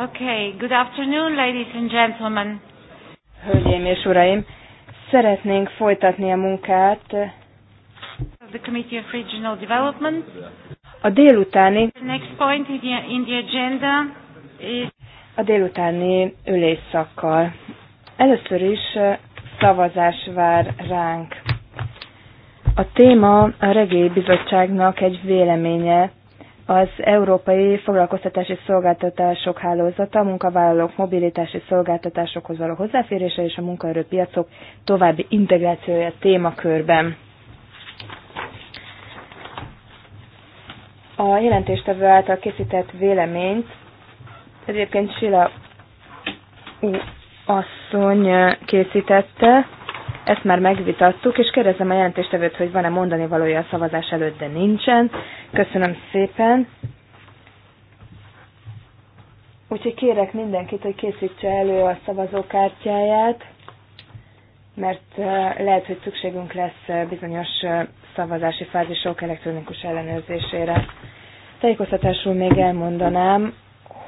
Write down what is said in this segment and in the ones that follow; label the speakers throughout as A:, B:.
A: Okay, good afternoon, ladies and gentlemen.
B: Hölgyeim és uraim, szeretnénk folytatni a munkát.
A: The Committee of Regional Development.
B: A délutáni
A: the next point in the, in the agenda is
B: a délutáni ülésszakkal. Először is szavazás vár ránk. A téma a Regélybizottságnak egy véleménye az Európai Foglalkoztatási Szolgáltatások Hálózata munkavállalók mobilitási szolgáltatásokhoz való hozzáférése és a munkaerőpiacok további integrációja témakörben. A jelentéstevő által készített véleményt egyébként Sila U. asszony készítette, ezt már megvitattuk, és kérdezem a jelentéstevőt, hogy van-e mondani valója a szavazás előtt, de nincsen. Köszönöm szépen. Úgyhogy kérek mindenkit, hogy készítse elő a szavazókártyáját, mert eh, lehet, hogy szükségünk lesz eh, bizonyos eh, szavazási fázisok elektronikus ellenőrzésére. Tájékoztatásul még elmondanám,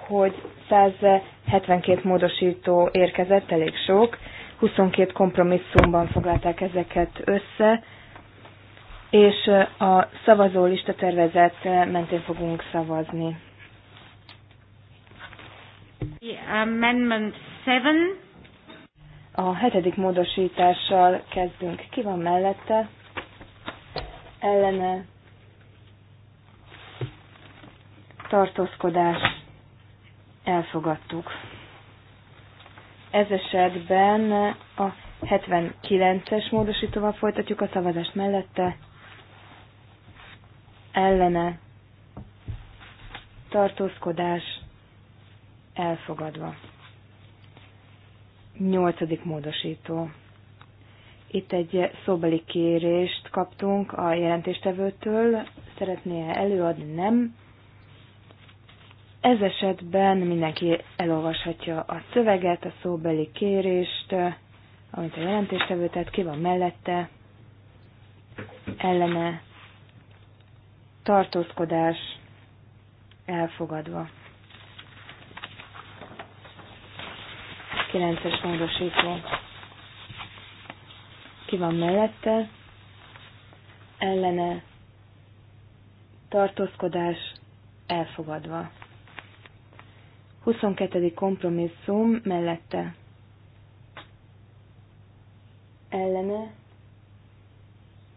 B: hogy 172 módosító érkezett, elég sok, 22 kompromisszumban foglalták ezeket össze, és a szavazó lista tervezet mentén fogunk szavazni.
A: The amendment 7.
B: A hetedik módosítással kezdünk. Ki van mellette? Ellene tartózkodás elfogadtuk. Ez esetben a 79-es módosítóval folytatjuk a szavazást mellette. Ellene. Tartózkodás. Elfogadva. Nyolcadik módosító. Itt egy szóbeli kérést kaptunk a jelentéstevőtől. Szeretné -e előadni? Nem. Ez esetben mindenki elolvashatja a szöveget, a szóbeli kérést, amit a jelentéstevő tett, ki van mellette, ellene tartózkodás elfogadva. 9-es módosító. Ki van mellette? Ellene tartózkodás elfogadva. 22. kompromisszum mellette ellene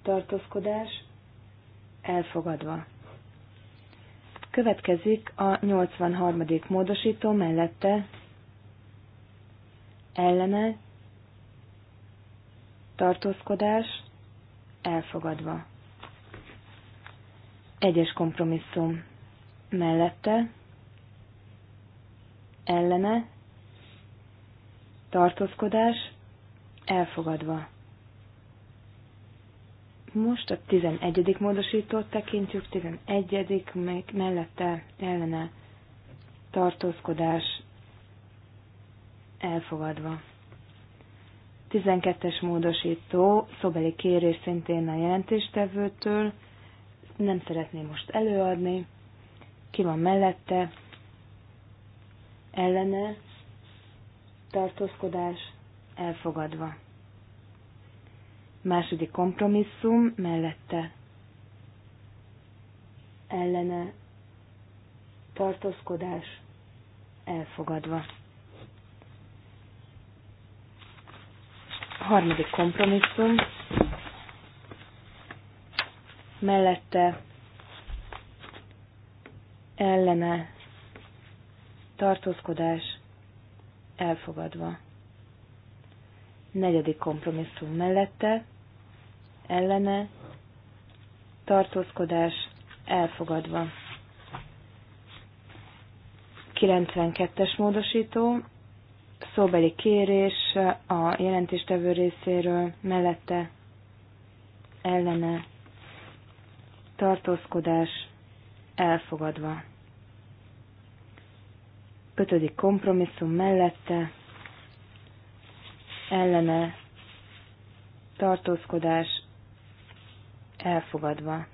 B: tartózkodás elfogadva. Következik a 83. módosító mellette ellene tartózkodás elfogadva. Egyes kompromisszum mellette ellene, tartózkodás, elfogadva. Most a 11. módosítót tekintjük, 11. meg mellette ellene tartózkodás elfogadva. 12-es módosító szobeli kérés szintén a jelentéstevőtől, nem szeretném most előadni, ki van mellette, ellene tartózkodás elfogadva. Második kompromisszum mellette ellene tartózkodás elfogadva. Harmadik kompromisszum mellette ellene tartózkodás elfogadva. Negyedik kompromisszum mellette, ellene, tartózkodás elfogadva. 92-es módosító, szóbeli kérés a jelentéstevő részéről mellette, ellene, tartózkodás elfogadva. Ötödik kompromisszum mellette ellene tartózkodás elfogadva.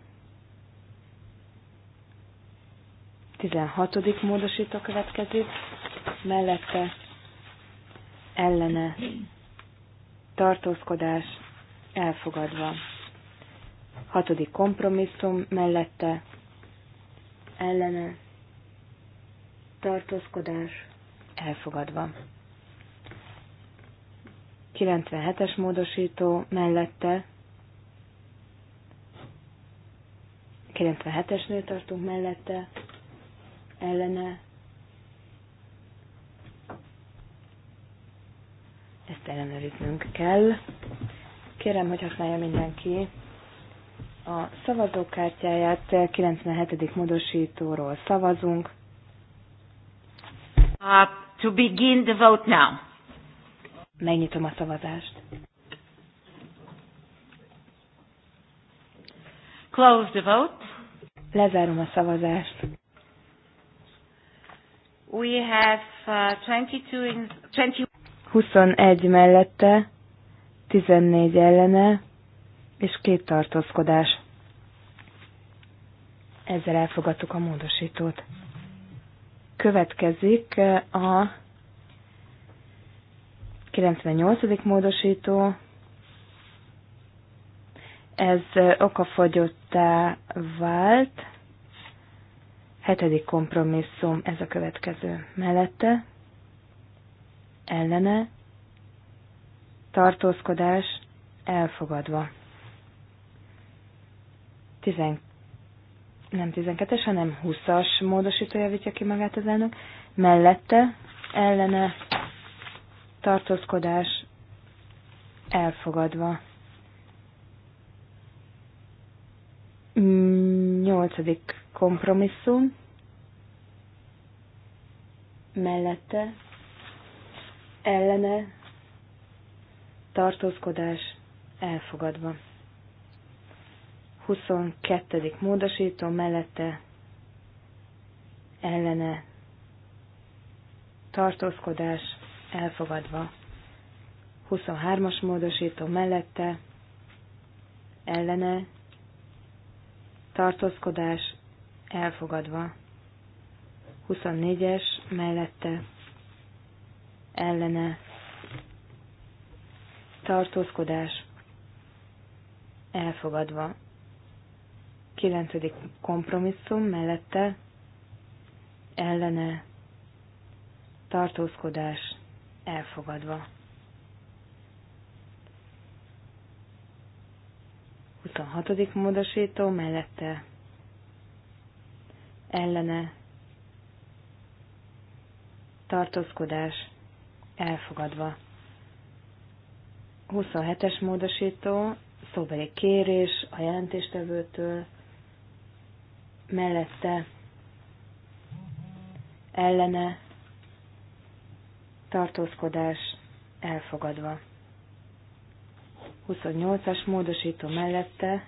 B: 16. módosító következik, mellette ellene tartózkodás elfogadva. 6. kompromisszum mellette ellene tartózkodás elfogadva. 97-es módosító mellette 97-esnél tartunk mellette, ellene. Ezt ellenőriznünk kell. Kérem, hogy használja mindenki a szavazókártyáját. 97. módosítóról szavazunk.
A: Uh, to begin the vote now. Megnyitom a szavazást. Close the vote.
B: Lezárom a szavazást.
A: We have uh, 22 in
B: 20... 21 mellette, 14 ellene, és két tartózkodás. Ezzel elfogadtuk a módosítót. Következik a 98. módosító. Ez okafogyottá vált. Hetedik kompromisszum, ez a következő. Mellette, ellene, tartózkodás, elfogadva. 12 nem 12-es, hanem 20-as módosító javítja ki magát az elnök, mellette ellene tartózkodás elfogadva. Nyolcadik kompromisszum mellette ellene tartózkodás elfogadva. 22. módosító mellette ellene tartózkodás elfogadva. 23-as módosító mellette ellene tartózkodás elfogadva. 24-es mellette ellene tartózkodás elfogadva. Kilencedik kompromisszum mellette ellene tartózkodás elfogadva. 26. módosító mellette ellene tartózkodás elfogadva. 27-es módosító szóbeli kérés a jelentéstevőtől mellette ellene tartózkodás elfogadva. 28-as módosító mellette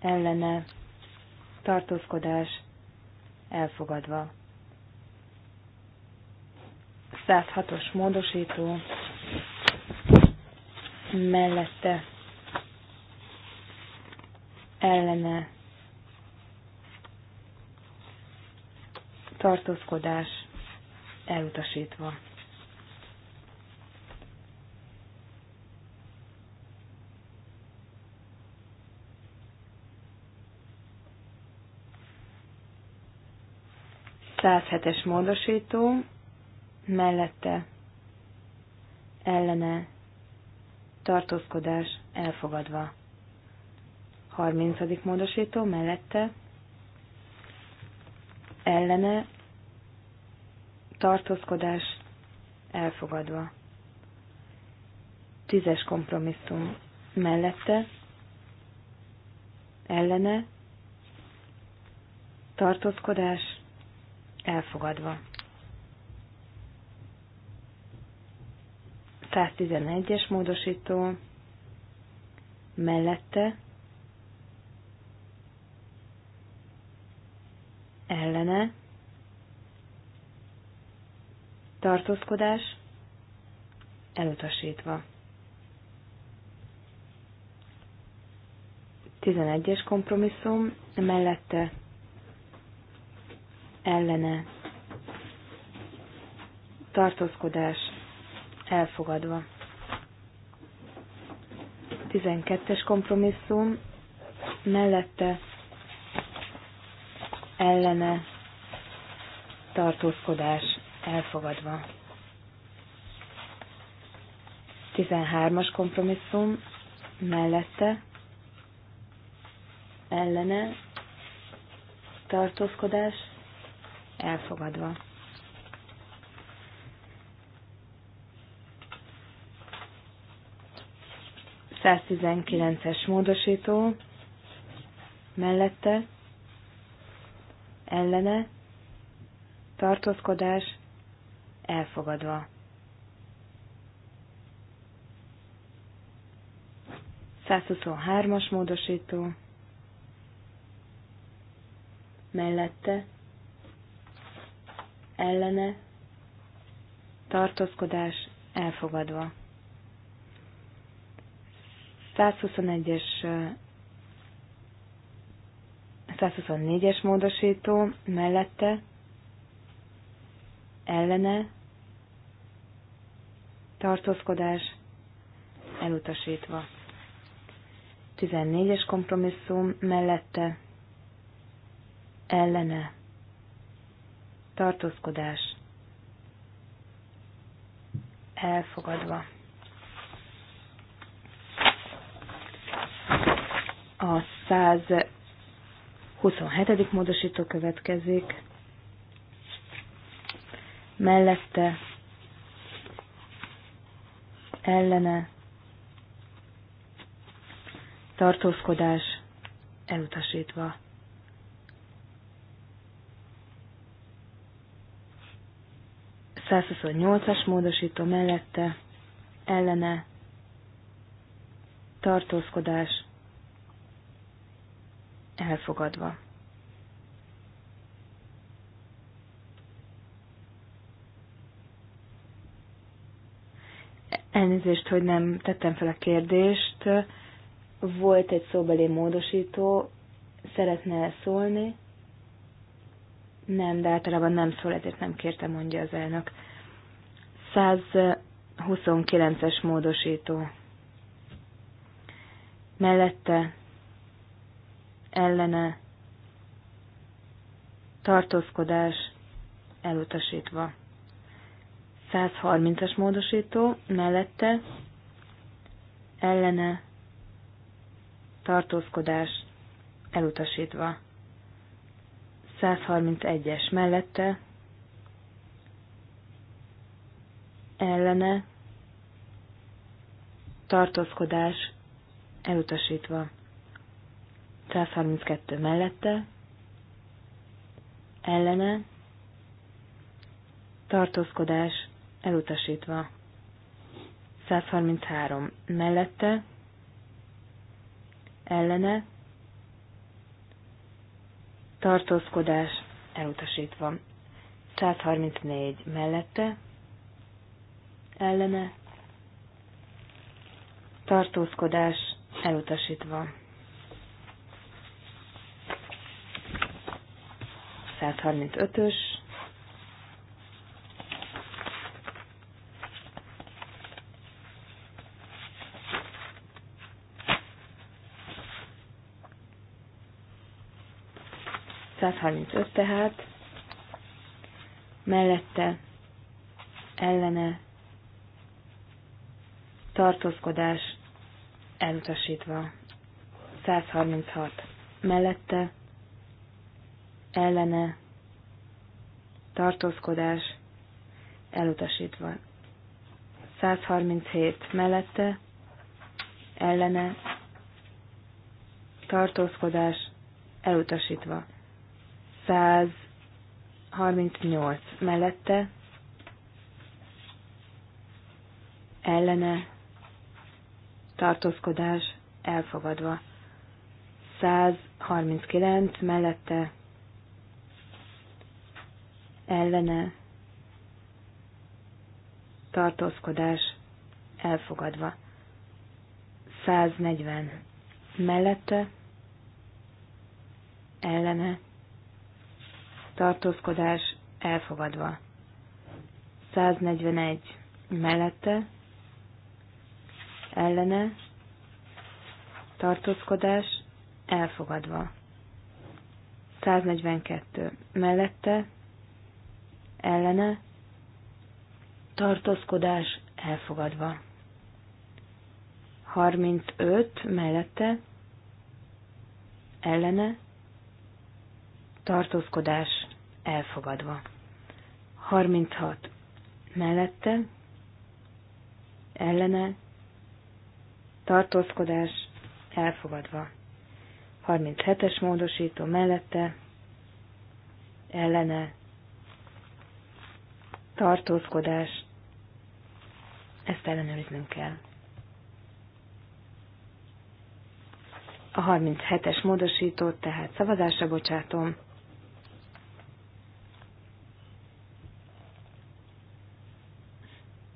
B: ellene tartózkodás elfogadva. 106-os módosító mellette ellene tartózkodás elutasítva. es módosító, mellette ellene tartózkodás elfogadva. 30. módosító mellette ellene tartózkodás elfogadva. Tízes kompromisszum mellette ellene tartózkodás elfogadva. 111-es módosító mellette ellene, tartózkodás, elutasítva. 11-es kompromisszum, mellette ellene tartózkodás elfogadva. 12-es kompromisszum, mellette ellene tartózkodás elfogadva. 13-as kompromisszum mellette ellene tartózkodás elfogadva. Száztizenkilences módosító mellette ellene, tartózkodás, elfogadva. 123-as módosító, mellette, ellene, tartózkodás, elfogadva. 121-es 224 es módosító mellette ellene tartózkodás elutasítva. 14-es kompromisszum mellette ellene tartózkodás elfogadva. A 100 27. módosító következik. Mellette ellene tartózkodás elutasítva. as módosító mellette ellene tartózkodás elfogadva. Elnézést, hogy nem tettem fel a kérdést. Volt egy szóbeli módosító, szeretne szólni? Nem, de általában nem szól, ezért nem kérte, mondja az elnök. 129-es módosító. Mellette ellene tartózkodás elutasítva. 130-as módosító mellette ellene tartózkodás elutasítva. 131-es mellette ellene tartózkodás elutasítva. 132 mellette, ellene, tartózkodás elutasítva. 133 mellette, ellene, tartózkodás elutasítva. 134 mellette, ellene, tartózkodás elutasítva. 135-ös. tehát, mellette ellene tartózkodás elutasítva. 136 mellette ellene tartózkodás elutasítva. 137 mellette ellene tartózkodás elutasítva. 138 mellette ellene tartózkodás elfogadva. 139 mellette ellene tartózkodás elfogadva. 140 mellette ellene tartózkodás elfogadva. 141 mellette ellene tartózkodás elfogadva. 142 mellette ellene, tartózkodás elfogadva. 35 mellette, ellene, tartózkodás elfogadva. 36 mellette, ellene, tartózkodás elfogadva. 37-es módosító mellette, ellene, tartózkodás, ezt ellenőriznünk kell. A 37-es módosítót tehát szavazásra bocsátom.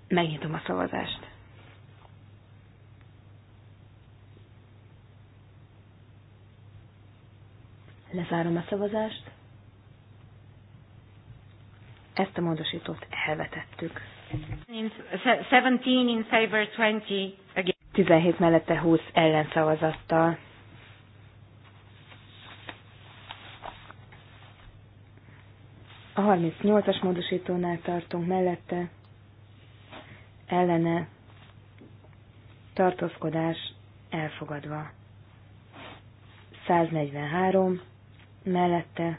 B: Megnyitom a szavazást. Lezárom a szavazást. Ezt a módosítót elvetettük.
A: 17 in favor 20
B: again. 17 mellette 20 ellenszavazattal. A 38-as módosítónál tartunk mellette, ellene, tartózkodás elfogadva. 143 mellette,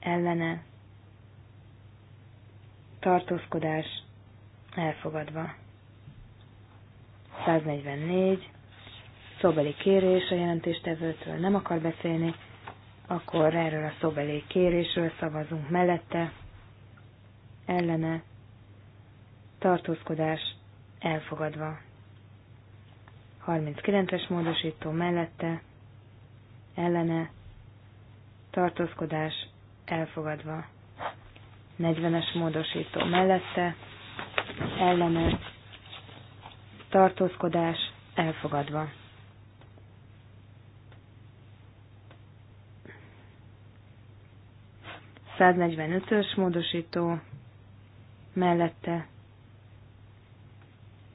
B: ellene, tartózkodás elfogadva. 144, szóbeli kérés a jelentéstevőtől nem akar beszélni, akkor erről a szóbeli kérésről szavazunk mellette, ellene, tartózkodás elfogadva. 39-es módosító mellette, ellene, tartózkodás elfogadva. 40-es módosító mellette, ellene, tartózkodás elfogadva. ös módosító mellette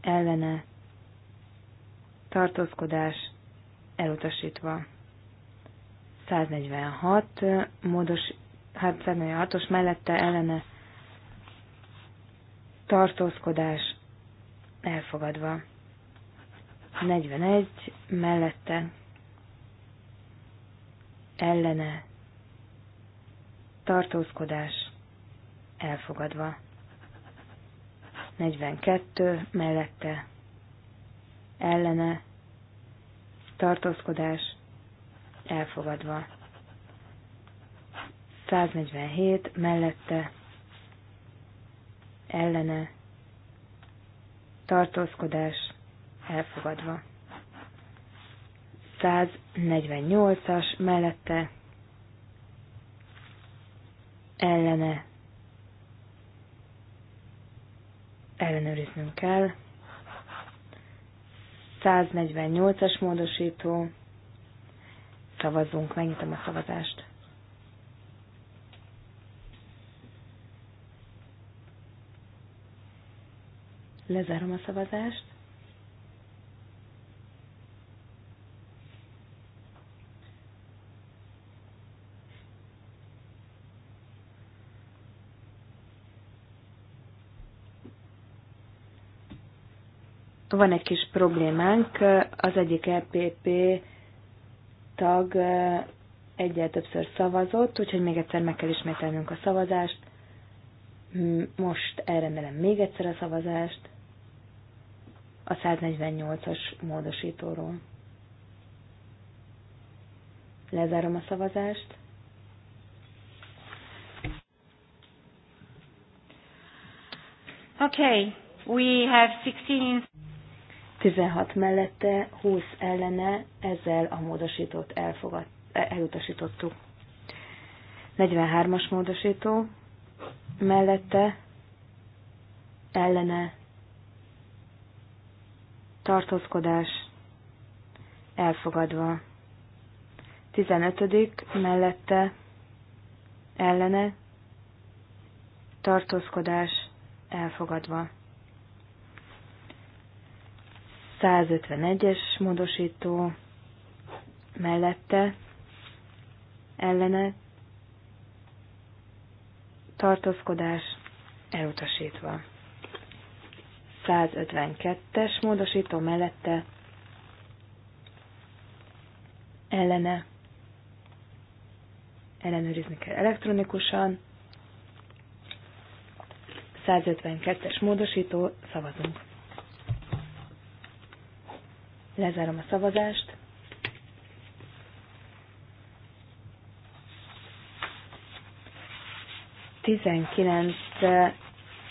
B: ellene tartózkodás elutasítva. 146 módos hát hatos mellette ellene tartózkodás elfogadva. 41 mellette ellene tartózkodás elfogadva. 42 mellette ellene tartózkodás elfogadva. 147 mellette ellene tartózkodás elfogadva. 148-as mellette ellene ellenőriznünk kell. 148-as módosító. Szavazzunk, megnyitom a szavazást. Lezárom a szavazást. Van egy kis problémánk, az egyik EPP tag egyel többször szavazott, úgyhogy még egyszer meg kell ismételnünk a szavazást. Most elrendelem még egyszer a szavazást a 148-as módosítóról.
A: Lezárom a szavazást. Okay, we have 16
B: 16 mellette, 20 ellene, ezzel a módosítót elfogad, elutasítottuk. 43-as módosító mellette, ellene, tartózkodás elfogadva. 15. mellette ellene tartózkodás elfogadva. 151-es módosító mellette ellene tartózkodás elutasítva. 152-es módosító mellette ellene ellenőrizni kell elektronikusan. 152-es módosító, szavazunk. Lezárom a szavazást. Tizenkilenc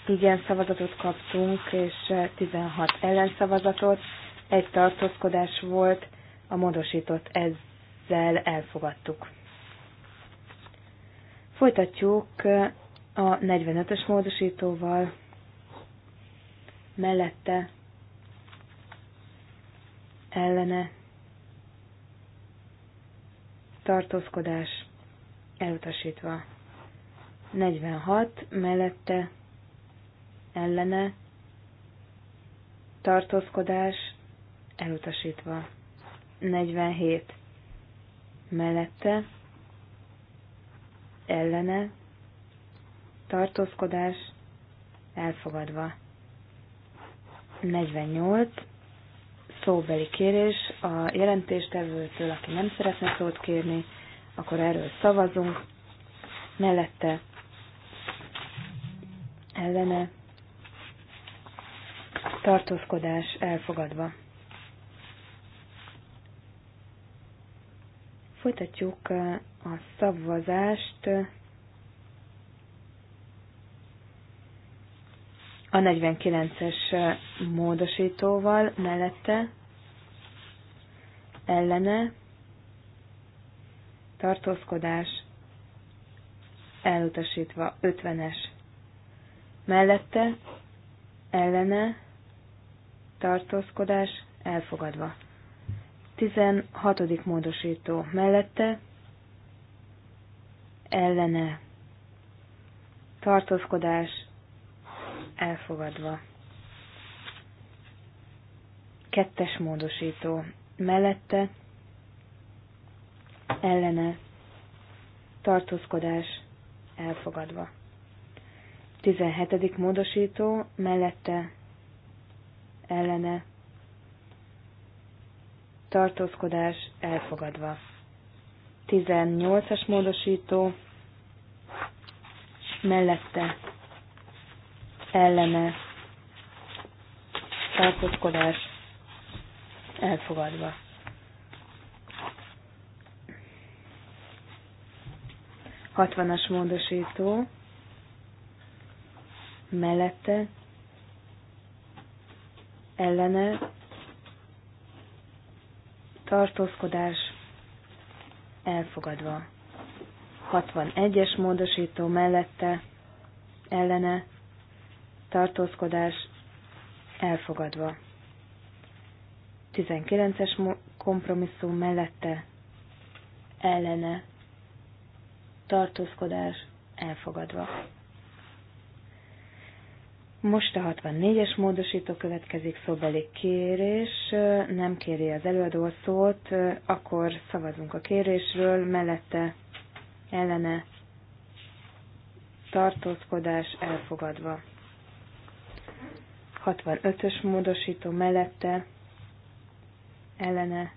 B: igen szavazatot kaptunk, és 16 eh, ellenszavazatot, egy tartózkodás volt, a módosított ezzel elfogadtuk. Folytatjuk eh, a 45-ös módosítóval, mellette, ellene, tartózkodás, elutasítva. 46 mellette ellene tartózkodás elutasítva. 47 mellette ellene tartózkodás elfogadva. 48 szóbeli kérés a jelentéstevőtől, aki nem szeretne szót kérni, akkor erről szavazunk. Mellette ellene tartózkodás elfogadva. Folytatjuk a szavazást a 49-es módosítóval mellette ellene tartózkodás elutasítva 50-es mellette ellene tartózkodás elfogadva. 16. módosító mellette ellene tartózkodás elfogadva. Kettes módosító mellette ellene tartózkodás elfogadva. 17. módosító mellette ellene tartózkodás elfogadva. 18-as módosító mellette ellene tartózkodás elfogadva. Hatvanas módosító mellette ellene tartózkodás elfogadva. 61-es módosító mellette ellene tartózkodás elfogadva. 19-es kompromisszum mellette ellene tartózkodás elfogadva. Most a 64-es módosító következik szóbeli kérés, nem kéri az előadó szót, akkor szavazunk a kérésről, mellette ellene tartózkodás elfogadva. 65-ös módosító mellette ellene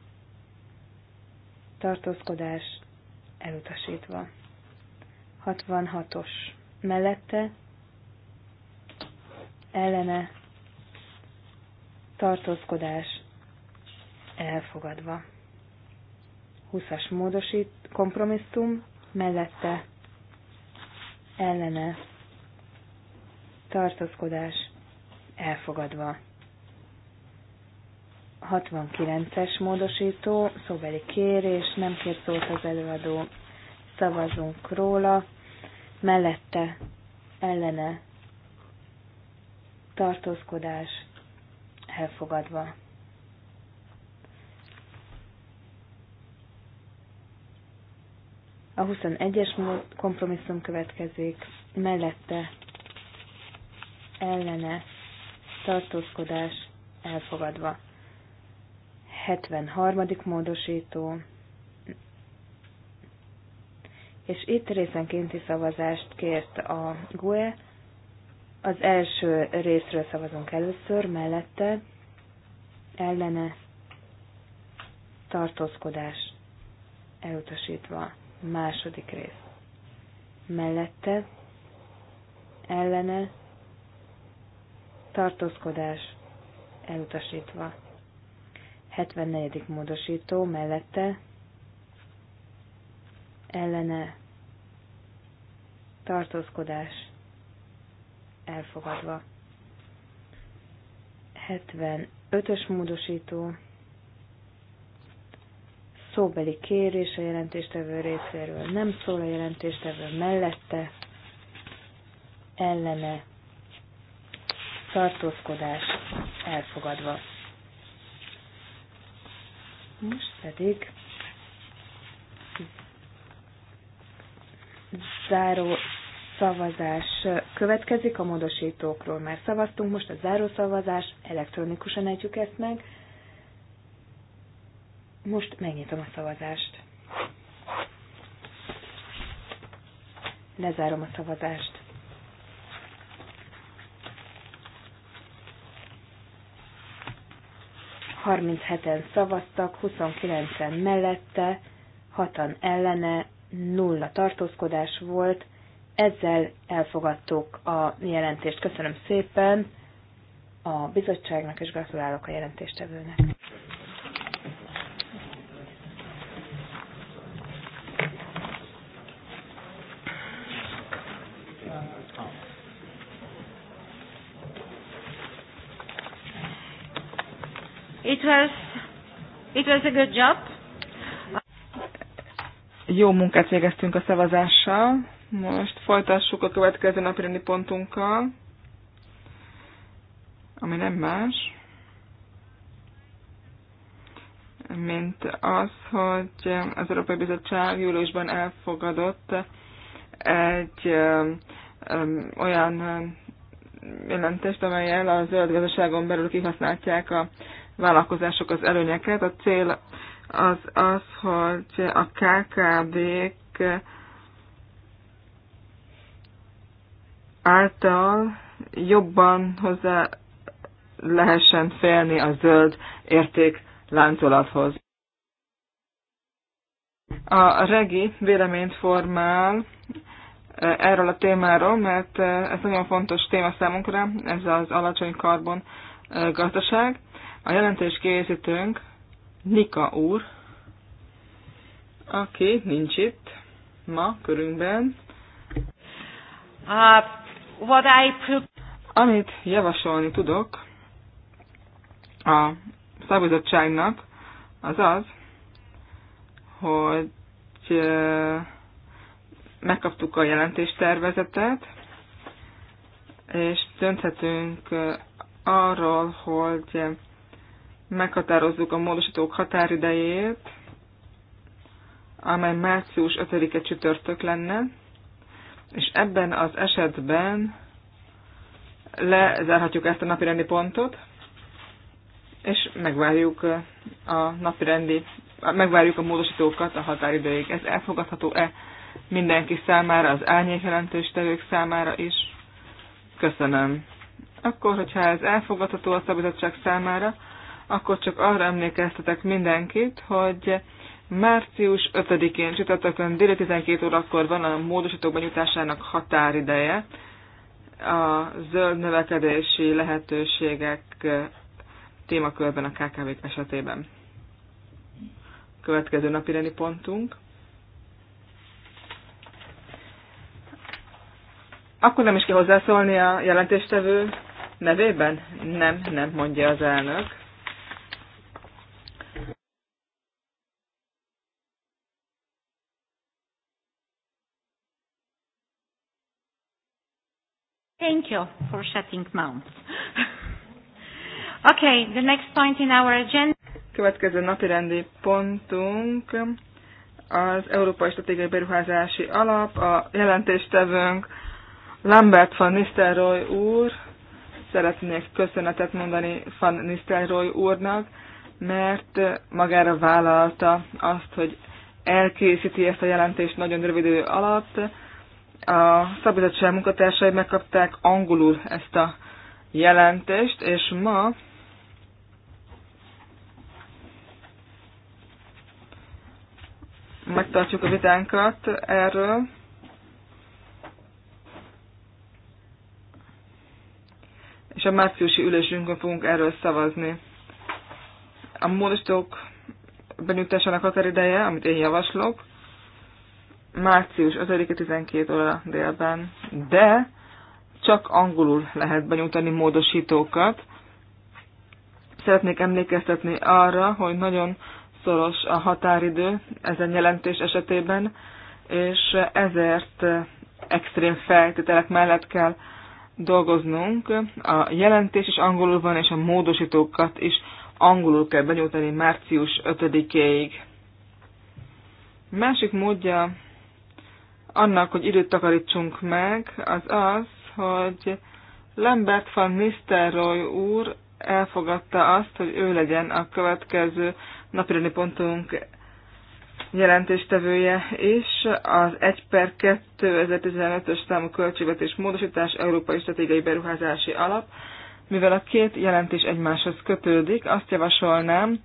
B: tartózkodás elutasítva. 66-os mellette ellene tartózkodás elfogadva. 20-as módosít kompromisszum mellette ellene tartózkodás elfogadva. 69-es módosító, szóbeli kérés, nem kér szólt az előadó, szavazunk róla, mellette ellene tartózkodás elfogadva. A 21-es kompromisszum következik, mellette ellene tartózkodás elfogadva. 73. módosító, és itt részenkénti szavazást kért a GUE, az első részről szavazunk először, mellette ellene tartózkodás elutasítva. Második rész. Mellette ellene tartózkodás elutasítva. 74. módosító mellette ellene tartózkodás elfogadva. 75-ös módosító szóbeli kérés a jelentéstevő részéről nem szól a jelentéstevő mellette, ellene tartózkodás elfogadva. Most pedig záró szavazás következik, a módosítókról már szavaztunk, most a zárószavazás, elektronikusan adjuk ezt meg. Most megnyitom a szavazást. Lezárom a szavazást. Harmincheten szavaztak, 29-en mellette, hatan ellene, nulla tartózkodás volt, ezzel elfogadtuk a jelentést. Köszönöm szépen a bizottságnak, és gratulálok a jelentéstevőnek.
C: It was, it was a good job. Jó munkát végeztünk a szavazással. Most folytassuk a következő napirendi pontunkkal, ami nem más, mint az, hogy az Európai Bizottság júliusban elfogadott egy um, um, olyan um, jelentést, amelyel a zöld gazdaságon belül kihasználják a vállalkozások az előnyeket. A cél az az, hogy a KKB-k által jobban hozzá lehessen félni a zöld érték láncolathoz. A regi véleményt formál e, erről a témáról, mert e, ez nagyon fontos téma számunkra, ez az alacsony karbon e, gazdaság. A jelentés készítőnk Nika úr, aki nincs itt ma körünkben.
A: Hát, What I
C: Amit javasolni tudok a szabizottságnak, az az, hogy megkaptuk a jelentéstervezetet, és dönthetünk arról, hogy meghatározzuk a módosítók határidejét, amely március 5-e csütörtök lenne, és ebben az esetben lezárhatjuk ezt a napirendi pontot, és megvárjuk eh, a napirendi, megvárjuk a módosítókat a határidőig. Ez elfogadható-e mindenki számára, az álnyék jelentős tevők számára is? Köszönöm. Akkor, hogyha ez elfogadható a szabadság számára, akkor csak arra emlékeztetek mindenkit, hogy Március 5-én csütörtökön déli 12 órakor van a módosítók benyújtásának határideje. A zöld növekedési lehetőségek témakörben a kkv esetében. Következő napirendi pontunk. Akkor nem is kell hozzászólni a jelentéstevő nevében? Nem, nem mondja az elnök.
A: you for shutting mouth. okay, the next
C: point in our agenda. Következő napirendi pontunk az Európai Stratégiai Beruházási Alap, a jelentéstevőnk Lambert van Nistelrooy úr, szeretnék köszönetet mondani van Nistelrooy úrnak, mert magára vállalta azt, hogy elkészíti ezt a jelentést nagyon rövid idő alatt, a szabadság munkatársai megkapták angolul ezt a jelentést, és ma megtartjuk a vitánkat erről. És a márciusi ülésünkön fogunk erről szavazni. A módosítók benyújtásának határideje, amit én javaslok, március 5-e 12 óra délben, de csak angolul lehet benyújtani módosítókat. Szeretnék emlékeztetni arra, hogy nagyon szoros a határidő ezen jelentés esetében, és ezért extrém feltételek mellett kell dolgoznunk. A jelentés is angolul van, és a módosítókat is angolul kell benyújtani március 5-éig. Másik módja annak, hogy időt takarítsunk meg, az az, hogy Lambert van Nisterroy úr elfogadta azt, hogy ő legyen a következő napirendi pontunk jelentéstevője is az 1 per 2015-ös számú költségvetés módosítás Európai Stratégiai Beruházási Alap. Mivel a két jelentés egymáshoz kötődik, azt javasolnám,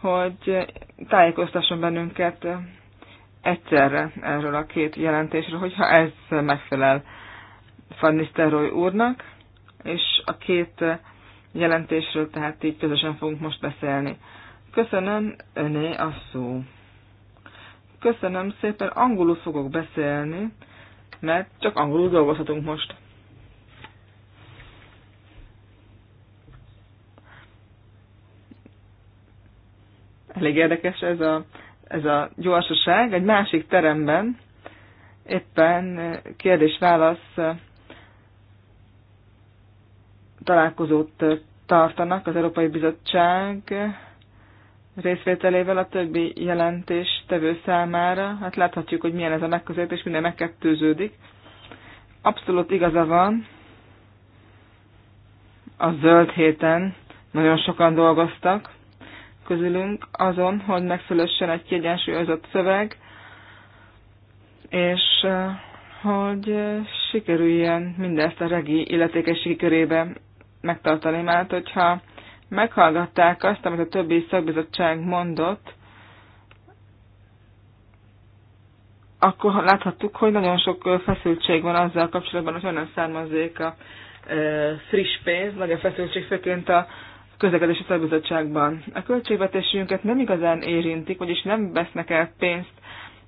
C: hogy tájékoztasson bennünket egyszerre erről a két jelentésről, hogyha ez megfelel Van Nistelrooy úrnak, és a két jelentésről, tehát így közösen fogunk most beszélni. Köszönöm, öné a szó. Köszönöm szépen, angolul fogok beszélni, mert csak angolul dolgozhatunk most. Elég érdekes ez a ez a gyorsaság egy másik teremben éppen kérdés-válasz eh, találkozót eh, tartanak az Európai Bizottság eh, részvételével a többi jelentés tevő számára. Hát láthatjuk, hogy milyen ez a megközelítés, minden megkettőződik. Abszolút igaza van, a zöld héten nagyon sokan dolgoztak, közülünk azon, hogy megszülessen egy kiegyensúlyozott szöveg, és hogy sikerüljen mindezt a regi illetékességi körébe megtartani. Mert hogyha meghallgatták azt, amit a többi szakbizottság mondott, akkor láthattuk, hogy nagyon sok feszültség van azzal kapcsolatban, hogy onnan származzék a friss pénz, nagy a feszültség főként a közlekedési szakbizottságban. A költségvetésünket nem igazán érintik, vagyis nem vesznek el pénzt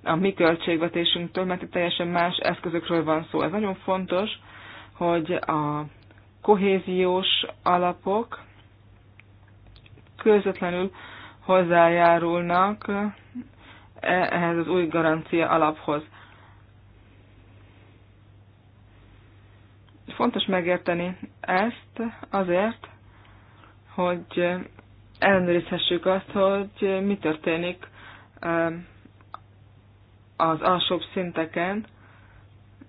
C: a mi költségvetésünktől, mert itt teljesen más eszközökről van szó. Ez nagyon fontos, hogy a kohéziós alapok közvetlenül hozzájárulnak ehhez az új garancia alaphoz. Fontos megérteni ezt azért, hogy ellenőrizhessük azt, hogy mi történik um, az alsóbb szinteken,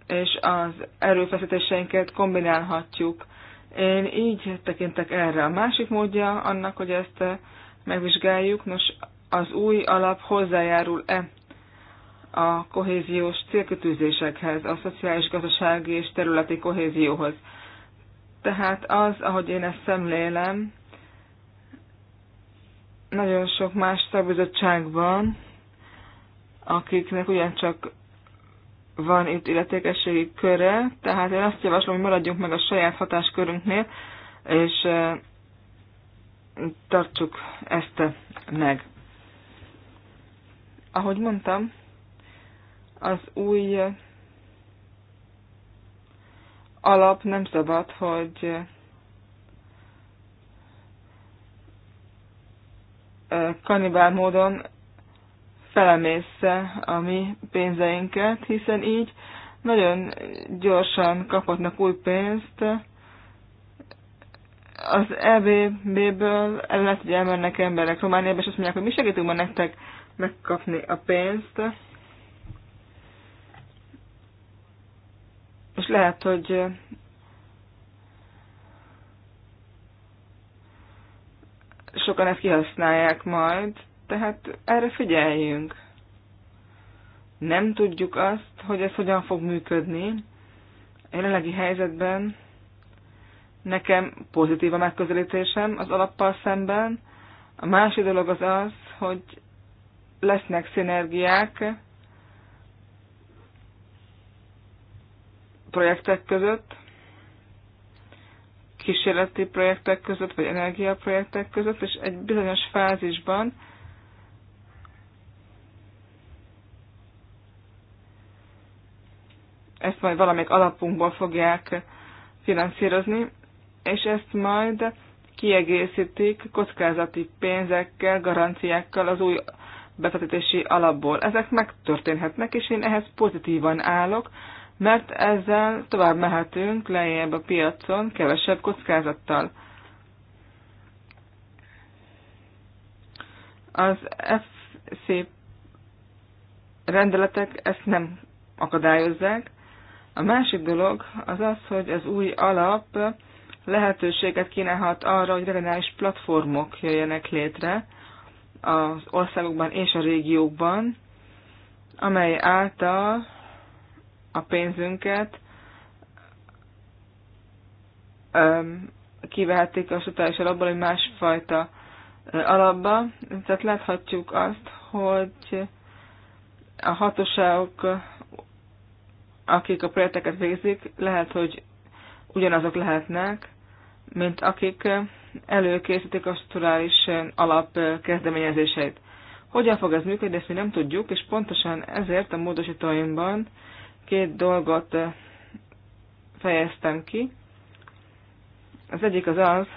C: és az erőfeszítéseinket kombinálhatjuk. Én így tekintek erre. A másik módja annak, hogy ezt megvizsgáljuk, nos, az új alap hozzájárul-e a kohéziós célkötőzésekhez, a szociális, gazdasági és területi kohézióhoz. Tehát az, ahogy én ezt szemlélem, nagyon sok más szakbizottság van, akiknek ugyancsak van itt illetékességi köre, tehát én azt javaslom, hogy maradjunk meg a saját hatáskörünknél, és tartsuk ezt meg. Ahogy mondtam, az új alap nem szabad, hogy kanibál módon felemészte a mi pénzeinket, hiszen így nagyon gyorsan kaphatnak új pénzt, az EBB-ből el lehet, hogy elmennek emberek Romániába, és azt mondják, hogy mi segítünk ma nektek megkapni a pénzt. És lehet, hogy sokan ezt kihasználják majd, tehát erre figyeljünk. Nem tudjuk azt, hogy ez hogyan fog működni. A jelenlegi helyzetben nekem pozitív a megközelítésem az alappal szemben. A másik dolog az az, hogy lesznek szinergiák projektek között, kísérleti projektek között, vagy energiaprojektek között, és egy bizonyos fázisban ezt majd valamelyik alapunkból fogják finanszírozni, és ezt majd kiegészítik kockázati pénzekkel, garanciákkal az új befektetési alapból. Ezek megtörténhetnek, és én ehhez pozitívan állok, mert ezzel tovább mehetünk lejjebb a piacon, kevesebb kockázattal. Az FC rendeletek ezt nem akadályozzák. A másik dolog az az, hogy az új alap lehetőséget kínálhat arra, hogy regionális platformok jöjjenek létre az országokban és a régiókban, amely által a pénzünket, kivehetik a sutális alapból egy másfajta alapba. Tehát láthatjuk azt, hogy a hatóságok, akik a projekteket végzik, lehet, hogy ugyanazok lehetnek, mint akik előkészítik a strukturális alap kezdeményezéseit. Hogyan fog ez működni, ezt mi nem tudjuk, és pontosan ezért a módosítóimban két dolgot eh, fejeztem ki. Az egyik az az,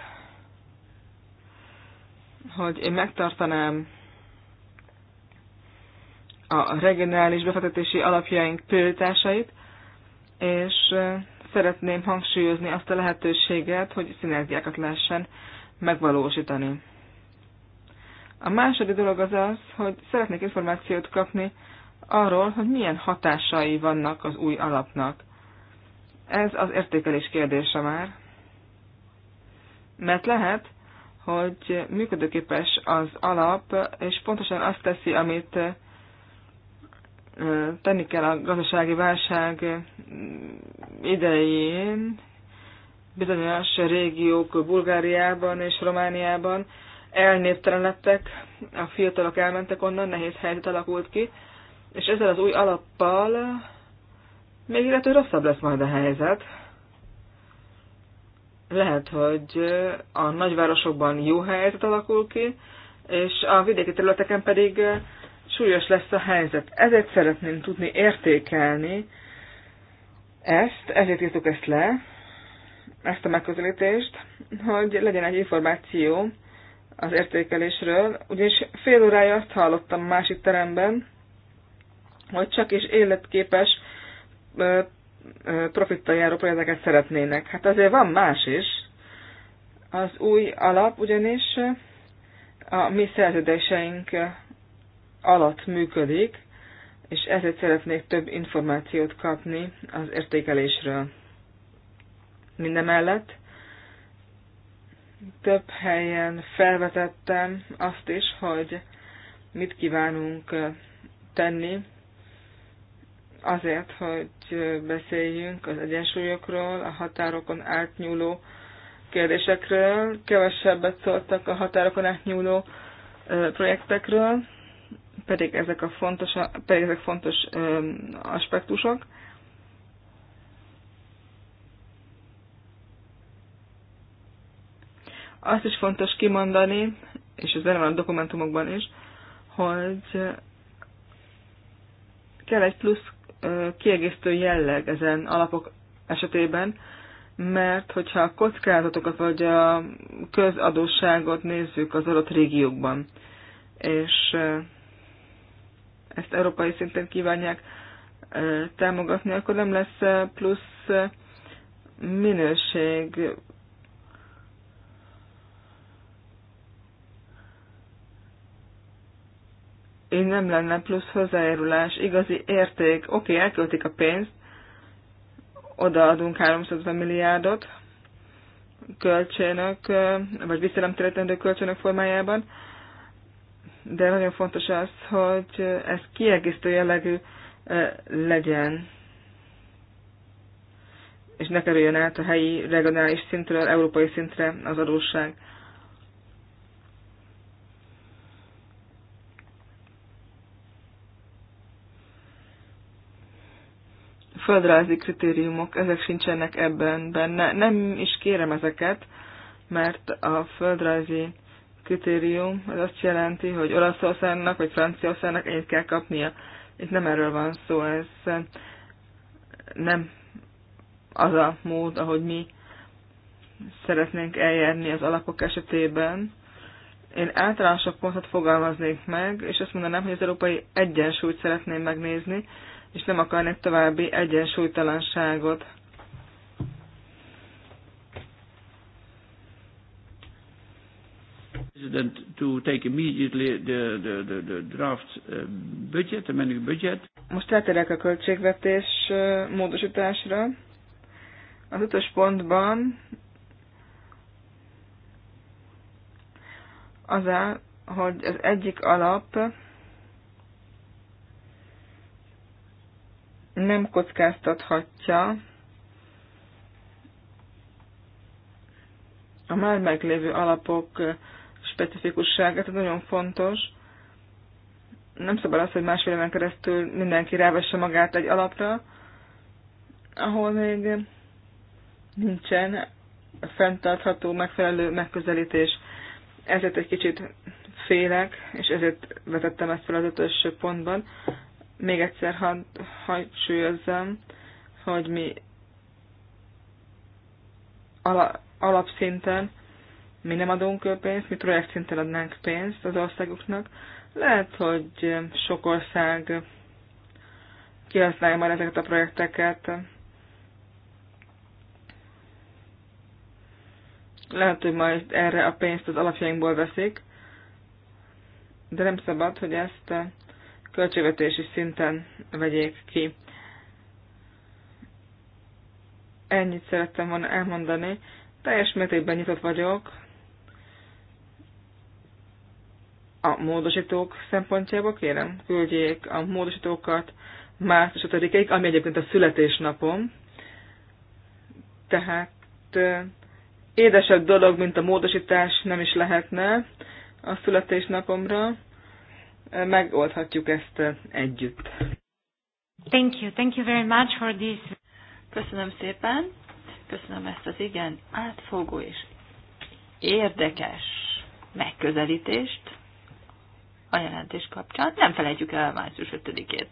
C: hogy én megtartanám a regionális befektetési alapjaink prioritásait, és eh, szeretném hangsúlyozni azt a lehetőséget, hogy szinergiákat lehessen megvalósítani. A második dolog az az, hogy szeretnék információt kapni arról, hogy milyen hatásai vannak az új alapnak. Ez az értékelés kérdése már. Mert lehet, hogy működőképes az alap, és pontosan azt teszi, amit tenni kell a gazdasági válság mm, idején bizonyos régiók Bulgáriában és Romániában elnéptelenedtek, a fiatalok elmentek onnan, nehéz helyzet alakult ki, és ezzel az új alappal még illető rosszabb lesz majd a helyzet. Lehet, hogy a nagyvárosokban jó helyzet alakul ki, és a vidéki területeken pedig súlyos lesz a helyzet. Ezért szeretném tudni értékelni ezt, ezért írtuk ezt le, ezt a megközelítést, hogy legyen egy információ az értékelésről, ugyanis fél órája azt hallottam a másik teremben, hogy csak és életképes profittal járó projekteket szeretnének. Hát azért van más is. Az új alap ugyanis a mi szerződéseink alatt működik, és ezért szeretnék több információt kapni az értékelésről. Mindemellett több helyen felvetettem azt is, hogy mit kívánunk tenni azért, hogy beszéljünk az egyensúlyokról, a határokon átnyúló kérdésekről, kevesebbet szóltak a határokon átnyúló projektekről, pedig ezek, a fontos, pedig ezek fontos aspektusok. Azt is fontos kimondani, és ez benne van a dokumentumokban is, hogy kell egy plusz kiegészítő jelleg ezen alapok esetében, mert hogyha a kockázatokat vagy a közadósságot nézzük az adott régiókban, és ezt európai szinten kívánják támogatni, akkor nem lesz plusz minőség így nem lenne plusz hozzájárulás, igazi érték. Oké, okay, elköltik a pénzt, odaadunk 350 milliárdot kölcsönök, vagy visszalemtéletendő kölcsönök formájában, de nagyon fontos az, hogy ez kiegészítő jellegű legyen, és ne kerüljön át a helyi, regionális szintről, európai szintre az adósság. földrajzi kritériumok, ezek sincsenek ebben benne. Nem is kérem ezeket, mert a földrajzi kritérium az azt jelenti, hogy Olaszországnak vagy Franciaországnak ennyit kell kapnia. Itt nem erről van szó, ez nem az a mód, ahogy mi szeretnénk eljárni az alapok esetében. Én általánosabb pontot fogalmaznék meg, és azt mondanám, hogy az európai egyensúlyt szeretném megnézni, és nem akarnak további egyensúlytalanságot.
D: President to take immediately the, the, the, the draft uh, budget, amending budget.
C: Most átérek a költségvetés uh, módosításra. Az ötös pontban az áll, hogy az egyik alap nem kockáztathatja a már meglévő alapok specifikusságát, ez nagyon fontos. Nem szabad az, hogy másfél éven keresztül mindenki rávesse magát egy alapra, ahol még nincsen fenntartható, megfelelő megközelítés. Ezért egy kicsit félek, és ezért vetettem ezt fel az ötös pontban, még egyszer hadd hangsúlyozzam, hogy mi alapszinten mi nem adunk pénzt, mi projekt szinten adnánk pénzt az országoknak. Lehet, hogy sok ország kihasználja már ezeket a projekteket. Lehet, hogy majd erre a pénzt az alapjainkból veszik, de nem szabad, hogy ezt költségvetési szinten vegyék ki. Ennyit szerettem volna elmondani. Teljes mértékben nyitott vagyok a módosítók szempontjából, kérem, küldjék a módosítókat március 5 ami egyébként a születésnapom. Tehát édesebb dolog, mint a módosítás nem is lehetne a születésnapomra megoldhatjuk ezt eh, együtt.
A: Thank you, thank you very much for this. Köszönöm szépen,
C: köszönöm
E: ezt az igen átfogó és érdekes megközelítést a jelentés kapcsán. Nem felejtjük el március 5-ét.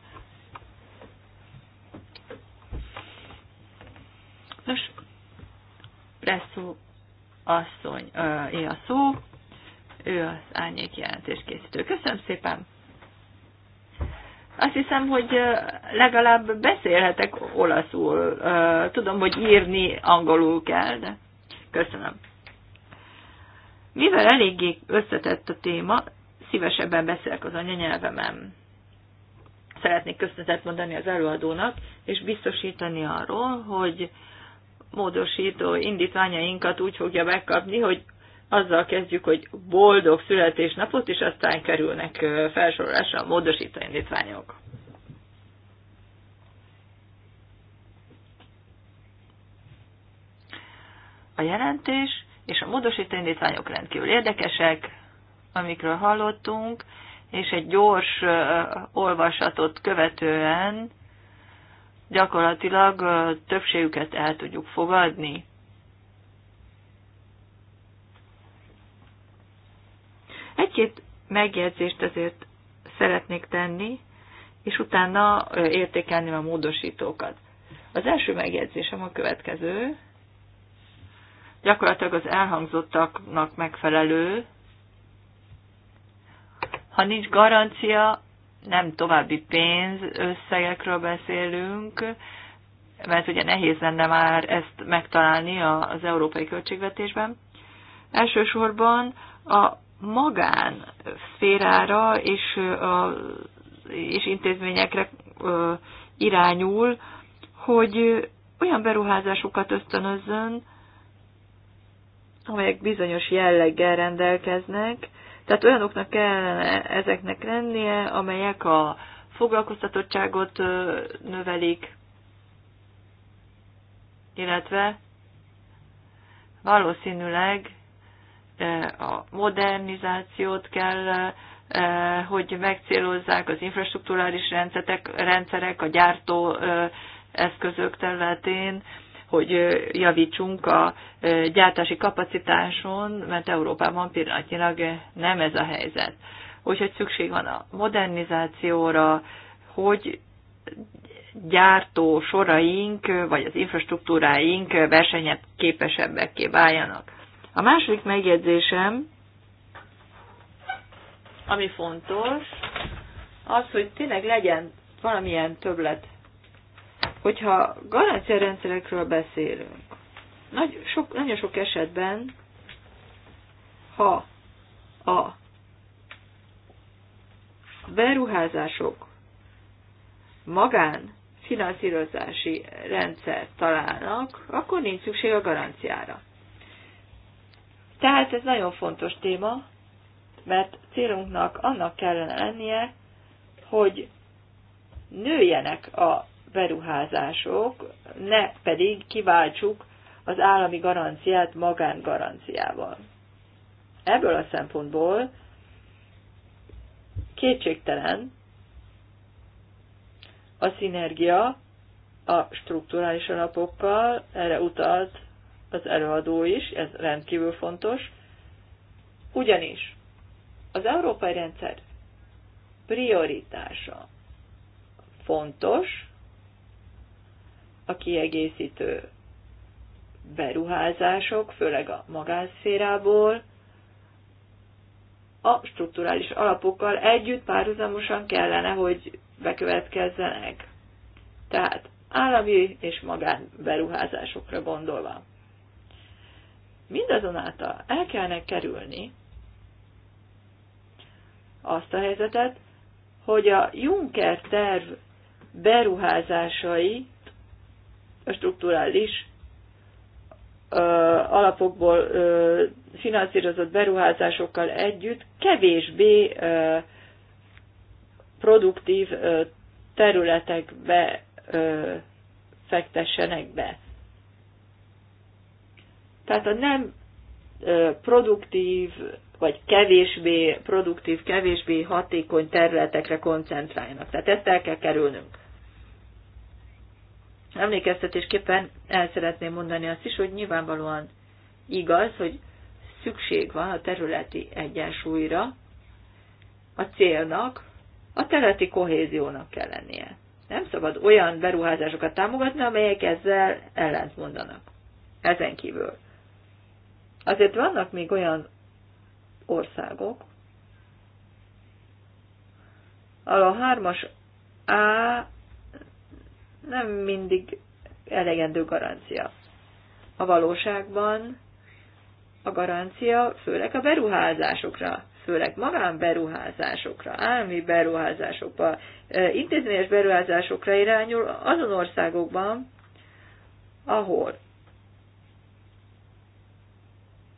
E: Nos, Presszó asszony, ö, a szó, ő az árnyék készítő Köszönöm szépen! Azt hiszem, hogy legalább beszélhetek olaszul. Tudom, hogy írni angolul kell, de köszönöm. Mivel eléggé összetett a téma, szívesebben beszélek az anyanyelvemen. Szeretnék köszönetet mondani az előadónak, és biztosítani arról, hogy módosító indítványainkat úgy fogja megkapni, hogy azzal kezdjük, hogy boldog születésnapot, és aztán kerülnek felsorolásra a módosító indítványok. A jelentés és a módosító indítványok rendkívül érdekesek, amikről hallottunk, és egy gyors olvasatot követően gyakorlatilag többségüket el tudjuk fogadni. Egy-két megjegyzést azért szeretnék tenni, és utána értékelném a módosítókat. Az első megjegyzésem a következő, gyakorlatilag az elhangzottaknak megfelelő, ha nincs garancia, nem további pénz összegekről beszélünk, mert ugye nehéz lenne már ezt megtalálni az európai költségvetésben. Elsősorban a magán szférára és, a, és intézményekre irányul, hogy olyan beruházásokat ösztönözzön, amelyek bizonyos jelleggel rendelkeznek, tehát olyanoknak kellene ezeknek lennie, amelyek a foglalkoztatottságot növelik, illetve valószínűleg a modernizációt kell, eh, hogy megcélozzák az infrastruktúrális rendszerek, a gyártó eh, eszközök területén, hogy eh, javítsunk a gyártási kapacitáson, mert Európában pillanatnyilag nem ez a helyzet. Úgyhogy szükség van a modernizációra, hogy gyártó soraink, vagy az infrastruktúráink versenyebb képesebbekké váljanak. A második megjegyzésem, ami fontos, az, hogy tényleg legyen valamilyen többlet. Hogyha garanciarendszerekről beszélünk, nagy, sok, nagyon sok esetben, ha a beruházások magán finanszírozási rendszer találnak, akkor nincs szükség a garanciára. Tehát ez nagyon fontos téma, mert célunknak annak kellene lennie, hogy nőjenek a beruházások, ne pedig kiváltsuk az állami garanciát magángaranciával. Ebből a szempontból kétségtelen a szinergia a strukturális alapokkal, erre utalt az előadó is, ez rendkívül fontos, ugyanis az európai rendszer prioritása fontos, a kiegészítő beruházások, főleg a magánszférából, a strukturális alapokkal együtt párhuzamosan kellene, hogy bekövetkezzenek. Tehát állami és magánberuházásokra gondolva. Mindazonáltal el kellene kerülni azt a helyzetet, hogy a Juncker terv beruházásai a strukturális ö, alapokból ö, finanszírozott beruházásokkal együtt kevésbé ö, produktív ö, területekbe ö, fektessenek be. Tehát a nem produktív, vagy kevésbé produktív, kevésbé hatékony területekre koncentrálnak. Tehát ezt el kell kerülnünk. Emlékeztetésképpen el szeretném mondani azt is, hogy nyilvánvalóan igaz, hogy szükség van a területi egyensúlyra, a célnak, a területi kohéziónak kell lennie. Nem szabad olyan beruházásokat támogatni, amelyek ezzel ellent mondanak. Ezen kívül Azért vannak még olyan országok, ahol a hármas A nem mindig elegendő garancia. A valóságban a garancia főleg a beruházásokra, főleg magánberuházásokra, állami beruházásokra, intézményes beruházásokra irányul azon országokban, ahol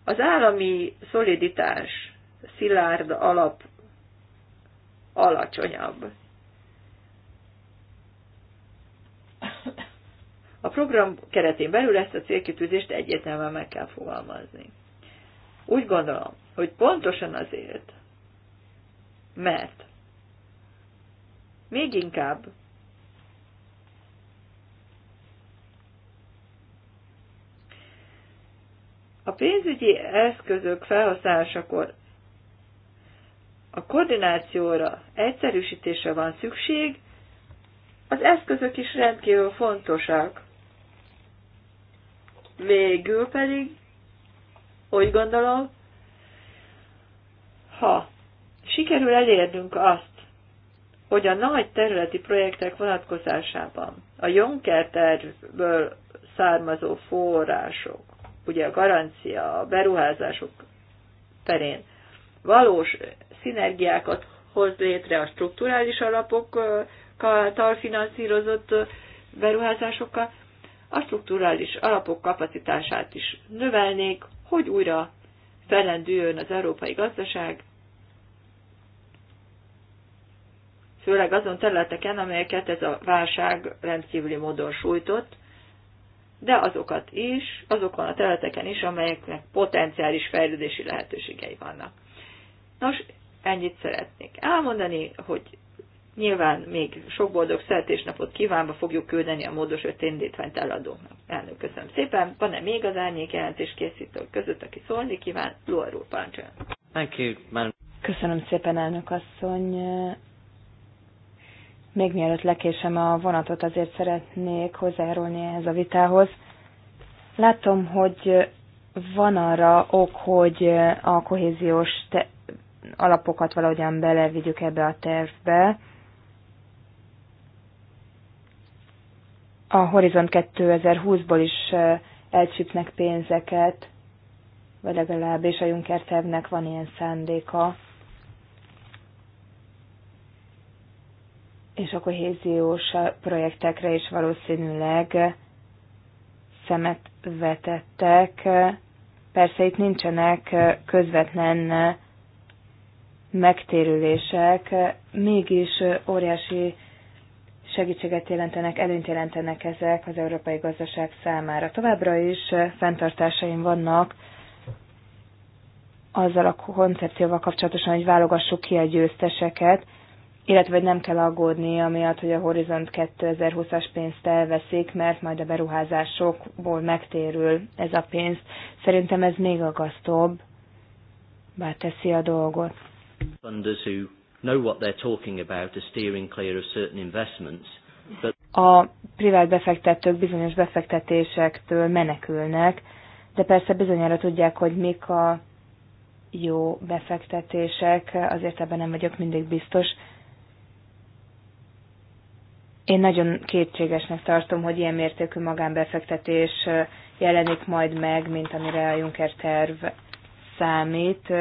E: az állami szoliditás, szilárd alap alacsonyabb. A program keretén belül ezt a célkitűzést egyértelműen meg kell fogalmazni. Úgy gondolom, hogy pontosan azért, mert még inkább A pénzügyi eszközök felhasználásakor a koordinációra, egyszerűsítésre van szükség, az eszközök is rendkívül fontosak. Végül pedig úgy gondolom, ha sikerül elérnünk azt, hogy a nagy területi projektek vonatkozásában a Jonker tervből származó források ugye a garancia, a beruházások terén valós szinergiákat hoz létre a strukturális alapokkal finanszírozott beruházásokkal, a strukturális alapok kapacitását is növelnék, hogy újra felendüljön az európai gazdaság, főleg azon területeken, amelyeket ez a válság rendkívüli módon sújtott, de azokat is, azokon a területeken is, amelyeknek potenciális fejlődési lehetőségei vannak. Nos, ennyit szeretnék elmondani, hogy nyilván még sok boldog születésnapot kívánva fogjuk küldeni a módos öt indítványt eladónak. Elnök, köszönöm szépen. Van-e még az árnyék jelentés készítő között, aki szólni kíván? Lóarul parancsoljon.
B: Köszönöm szépen, elnök asszony. Még mielőtt lekésem a vonatot, azért szeretnék hozzájárulni ehhez a vitához. Látom, hogy van arra ok, hogy a kohéziós te- alapokat valahogyan belevigyük ebbe a tervbe. A Horizont 2020-ból is elcsípnek pénzeket, vagy legalábbis a Juncker tervnek van ilyen szándéka. és a kohéziós projektekre is valószínűleg szemet vetettek. Persze itt nincsenek közvetlen megtérülések, mégis óriási segítséget jelentenek, előnyt jelentenek ezek az európai gazdaság számára. Továbbra is fenntartásaim vannak azzal a koncepcióval kapcsolatosan, hogy válogassuk ki a győzteseket, illetve nem kell aggódni amiatt, hogy a Horizont 2020-as pénzt elveszik, mert majd a beruházásokból megtérül ez a pénz. Szerintem ez még aggasztóbb, bár teszi a dolgot. A privát befektetők bizonyos befektetésektől menekülnek, de persze bizonyára tudják, hogy mik a jó befektetések, azért ebben nem vagyok mindig biztos. Én nagyon kétségesnek tartom, hogy ilyen mértékű magánbefektetés jelenik majd meg, mint amire a Juncker terv számít.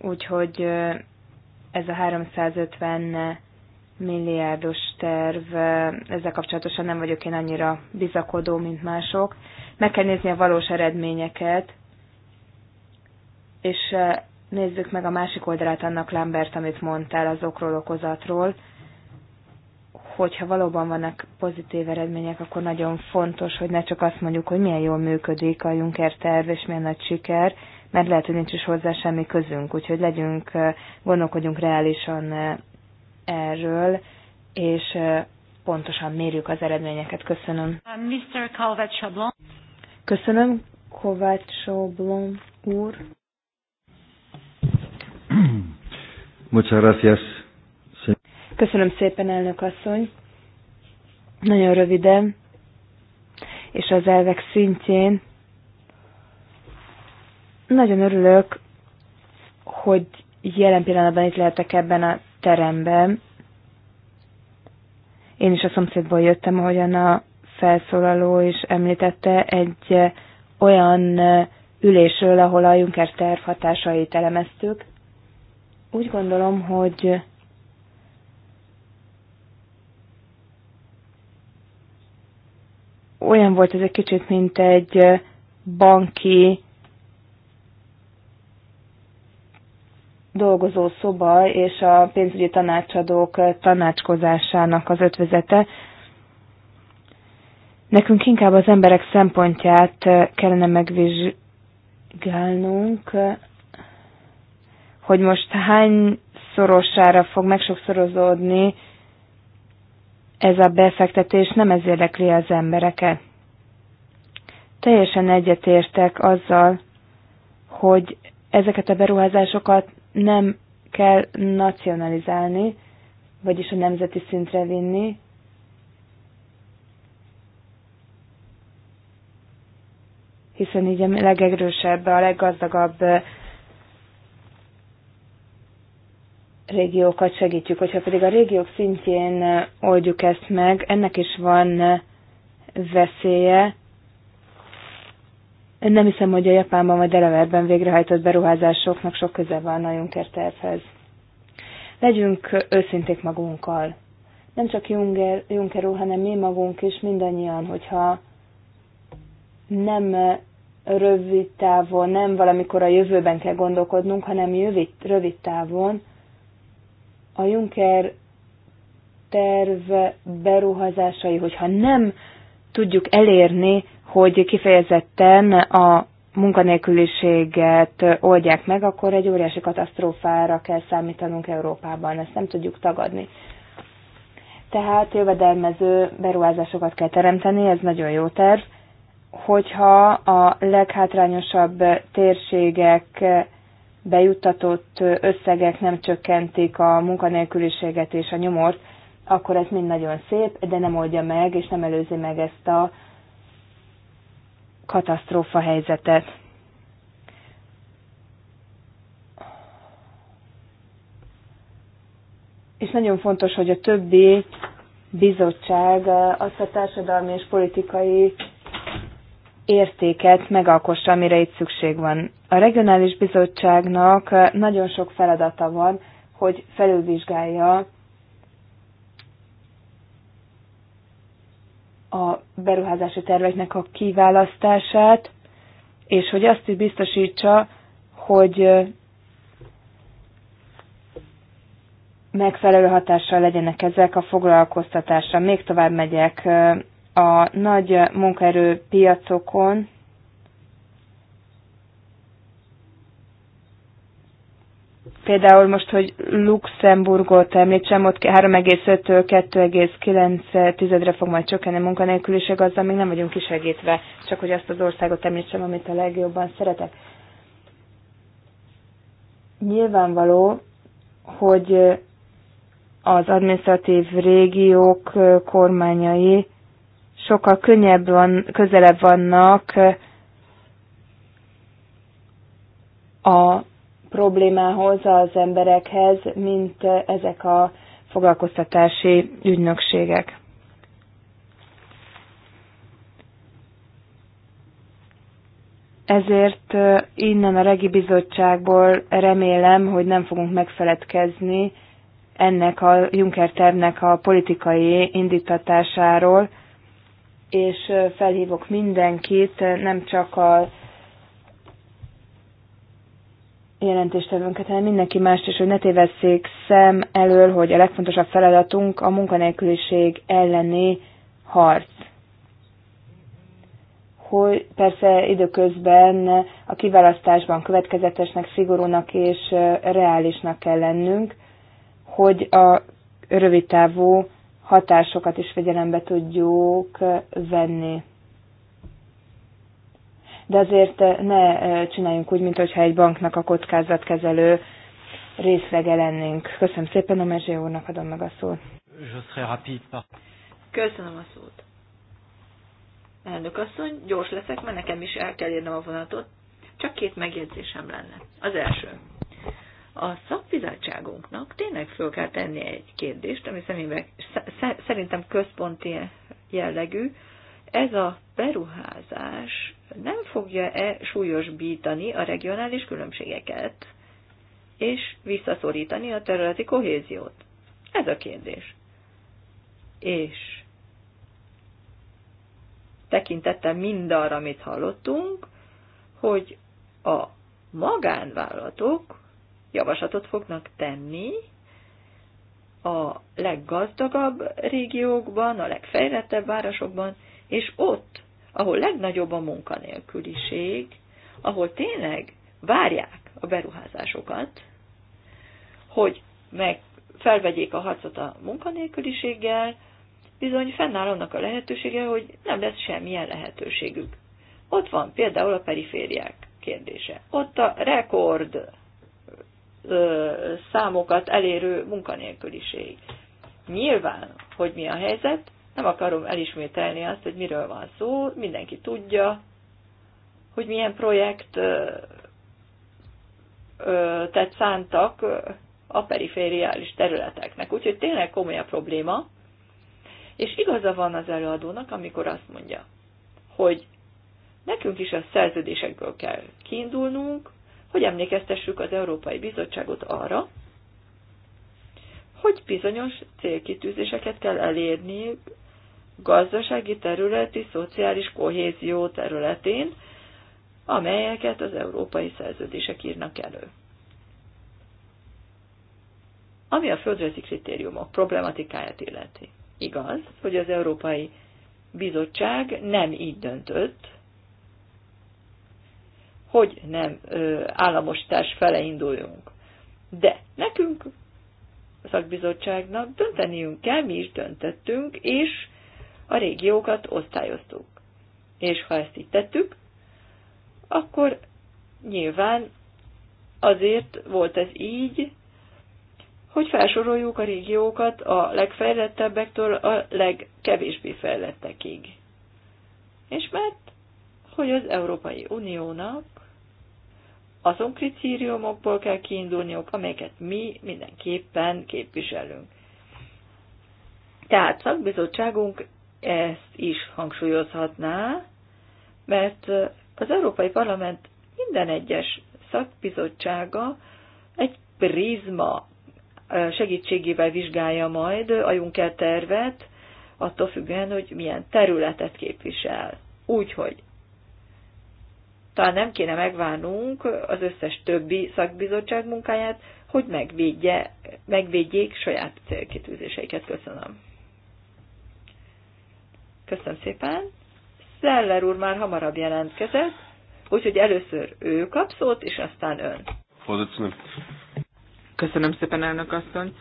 B: Úgyhogy ez a 350 milliárdos terv, ezzel kapcsolatosan nem vagyok én annyira bizakodó, mint mások. Meg kell nézni a valós eredményeket, és nézzük meg a másik oldalát annak Lambert, amit mondtál az okról-okozatról hogyha valóban vannak pozitív eredmények, akkor nagyon fontos, hogy ne csak azt mondjuk, hogy milyen jól működik a Juncker terv, és milyen nagy siker, mert lehet, hogy nincs is hozzá semmi közünk, úgyhogy legyünk, gondolkodjunk reálisan erről, és pontosan mérjük az eredményeket. Köszönöm. Uh, Mr. Köszönöm, Kovács úr.
D: Muchas gracias,
B: Köszönöm szépen, elnök asszony. Nagyon röviden, és az elvek szintjén. Nagyon örülök, hogy jelen pillanatban itt lehetek ebben a teremben. Én is a szomszédból jöttem, ahogyan a felszólaló is említette, egy olyan ülésről, ahol a Juncker terv hatásait elemeztük. Úgy gondolom, hogy olyan volt ez egy kicsit, mint egy banki dolgozó szoba és a pénzügyi tanácsadók tanácskozásának az ötvezete. Nekünk inkább az emberek szempontját kellene megvizsgálnunk, hogy most hány szorosára fog megsokszorozódni ez a befektetés nem ez érdekli az embereket. Teljesen egyetértek azzal, hogy ezeket a beruházásokat nem kell nacionalizálni, vagyis a nemzeti szintre vinni, hiszen így a legerősebb, a leggazdagabb régiókat segítjük. Hogyha pedig a régiók szintjén oldjuk ezt meg, ennek is van veszélye. Nem hiszem, hogy a Japánban vagy Delaware-ben végrehajtott beruházásoknak sok köze van a Juncker tervhez. Legyünk őszinték magunkkal. Nem csak Junger, Juncker hanem mi magunk is, mindannyian, hogyha nem rövid távon, nem valamikor a jövőben kell gondolkodnunk, hanem jövid, rövid távon, a Juncker terv beruházásai, hogyha nem tudjuk elérni, hogy kifejezetten a munkanélküliséget oldják meg, akkor egy óriási katasztrófára kell számítanunk Európában, ezt nem tudjuk tagadni. Tehát jövedelmező beruházásokat kell teremteni, ez nagyon jó terv. Hogyha a leghátrányosabb térségek bejuttatott összegek nem csökkentik a munkanélküliséget és a nyomort, akkor ez mind nagyon szép, de nem oldja meg, és nem előzi meg ezt a katasztrófa helyzetet. És nagyon fontos, hogy a többi bizottság azt a társadalmi és politikai értéket megalkossa, amire itt szükség van. A regionális bizottságnak eh, nagyon sok feladata van, hogy felülvizsgálja a beruházási terveknek a kiválasztását, és hogy azt is biztosítsa, hogy eh, megfelelő hatással legyenek ezek a foglalkoztatásra. Még tovább megyek, eh, a nagy munkaerőpiacokon például most, hogy Luxemburgot említsem, ott 3,5-től 2,9-re fog majd csökkenni a munkanélküliség, azzal még nem vagyunk kisegítve, csak hogy azt az országot említsem, amit a legjobban szeretek. Nyilvánvaló, hogy az administratív régiók kormányai sokkal könnyebb van, közelebb vannak a problémához, az emberekhez, mint ezek a foglalkoztatási ügynökségek. Ezért innen a Regi Bizottságból remélem, hogy nem fogunk megfeledkezni ennek a Juncker tervnek a politikai indítatásáról, és felhívok mindenkit, nem csak a jelentéstevőnket, hanem mindenki mást is, hogy ne tévesszék szem elől, hogy a legfontosabb feladatunk a munkanélküliség elleni harc. Hogy persze időközben a kiválasztásban következetesnek, szigorúnak és reálisnak kell lennünk, hogy a rövidtávú hatásokat is figyelembe tudjuk venni. De azért ne csináljunk úgy, mintha egy banknak a kockázatkezelő részlege lennénk. Köszönöm szépen, a Mezsé úrnak adom meg a szót.
E: Köszönöm a szót. Elnök asszony, gyors leszek, mert nekem is el kell érnem a vonatot. Csak két megjegyzésem lenne. Az első a szakbizottságunknak tényleg föl kell tenni egy kérdést, ami személyben, szerintem központi jellegű, ez a beruházás nem fogja-e súlyosbítani a regionális különbségeket, és visszaszorítani a területi kohéziót? Ez a kérdés. És tekintettel mindarra, amit hallottunk, hogy a magánvállalatok javaslatot fognak tenni a leggazdagabb régiókban, a legfejlettebb városokban, és ott, ahol legnagyobb a munkanélküliség, ahol tényleg várják a beruházásokat, hogy meg felvegyék a harcot a munkanélküliséggel, bizony fennáll annak a lehetősége, hogy nem lesz semmilyen lehetőségük. Ott van például a perifériák kérdése. Ott a rekord számokat elérő munkanélküliség. Nyilván, hogy mi a helyzet, nem akarom elismételni azt, hogy miről van szó, mindenki tudja, hogy milyen projekt tett szántak a perifériális területeknek. Úgyhogy tényleg komoly a probléma, és igaza van az előadónak, amikor azt mondja, hogy nekünk is a szerződésekből kell kiindulnunk, hogy emlékeztessük az Európai Bizottságot arra, hogy bizonyos célkitűzéseket kell elérni gazdasági területi, szociális kohézió területén, amelyeket az európai szerződések írnak elő. Ami a földrajzi kritériumok problematikáját illeti. Igaz, hogy az Európai Bizottság nem így döntött, hogy nem államosítás fele induljunk. De nekünk, a szakbizottságnak dönteniünk kell, mi is döntettünk, és a régiókat osztályoztuk. És ha ezt így tettük, akkor nyilván azért volt ez így, hogy felsoroljuk a régiókat a legfejlettebbektől a legkevésbé fejlettekig. És mert, hogy az Európai Uniónak azon kritériumokból kell kiindulniuk, amelyeket mi mindenképpen képviselünk. Tehát szakbizottságunk ezt is hangsúlyozhatná, mert az Európai Parlament minden egyes szakbizottsága egy prizma segítségével vizsgálja majd a Juncker tervet, attól függően, hogy milyen területet képvisel. Úgyhogy talán nem kéne megvárnunk az összes többi szakbizottság munkáját, hogy megvédje, megvédjék saját célkitűzéseiket. Köszönöm. Köszönöm szépen. Szeller úr már hamarabb jelentkezett, úgyhogy
C: először ő kap szót, és aztán ön. Köszönöm. Köszönöm szépen, elnök asszony.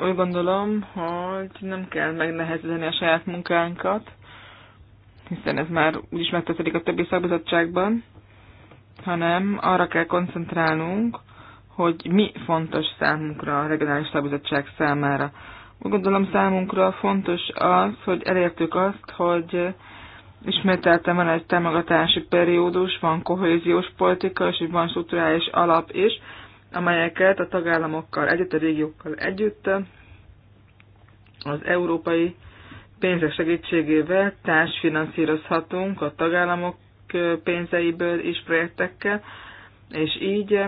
C: Úgy gondolom, hogy nem kell megnehezíteni a saját munkánkat, hiszen ez már úgyis megteszedik a többi szakbizottságban hanem arra kell koncentrálnunk, hogy mi fontos számunkra a regionális szabizottság számára. Úgy gondolom számunkra fontos az, hogy elértük azt, hogy ismételtem el egy támogatási periódus, van kohéziós politika, és van struktúrális alap is, amelyeket a tagállamokkal együtt, a régiókkal együtt az európai pénzek segítségével társfinanszírozhatunk a tagállamok pénzeiből is projektekkel, és így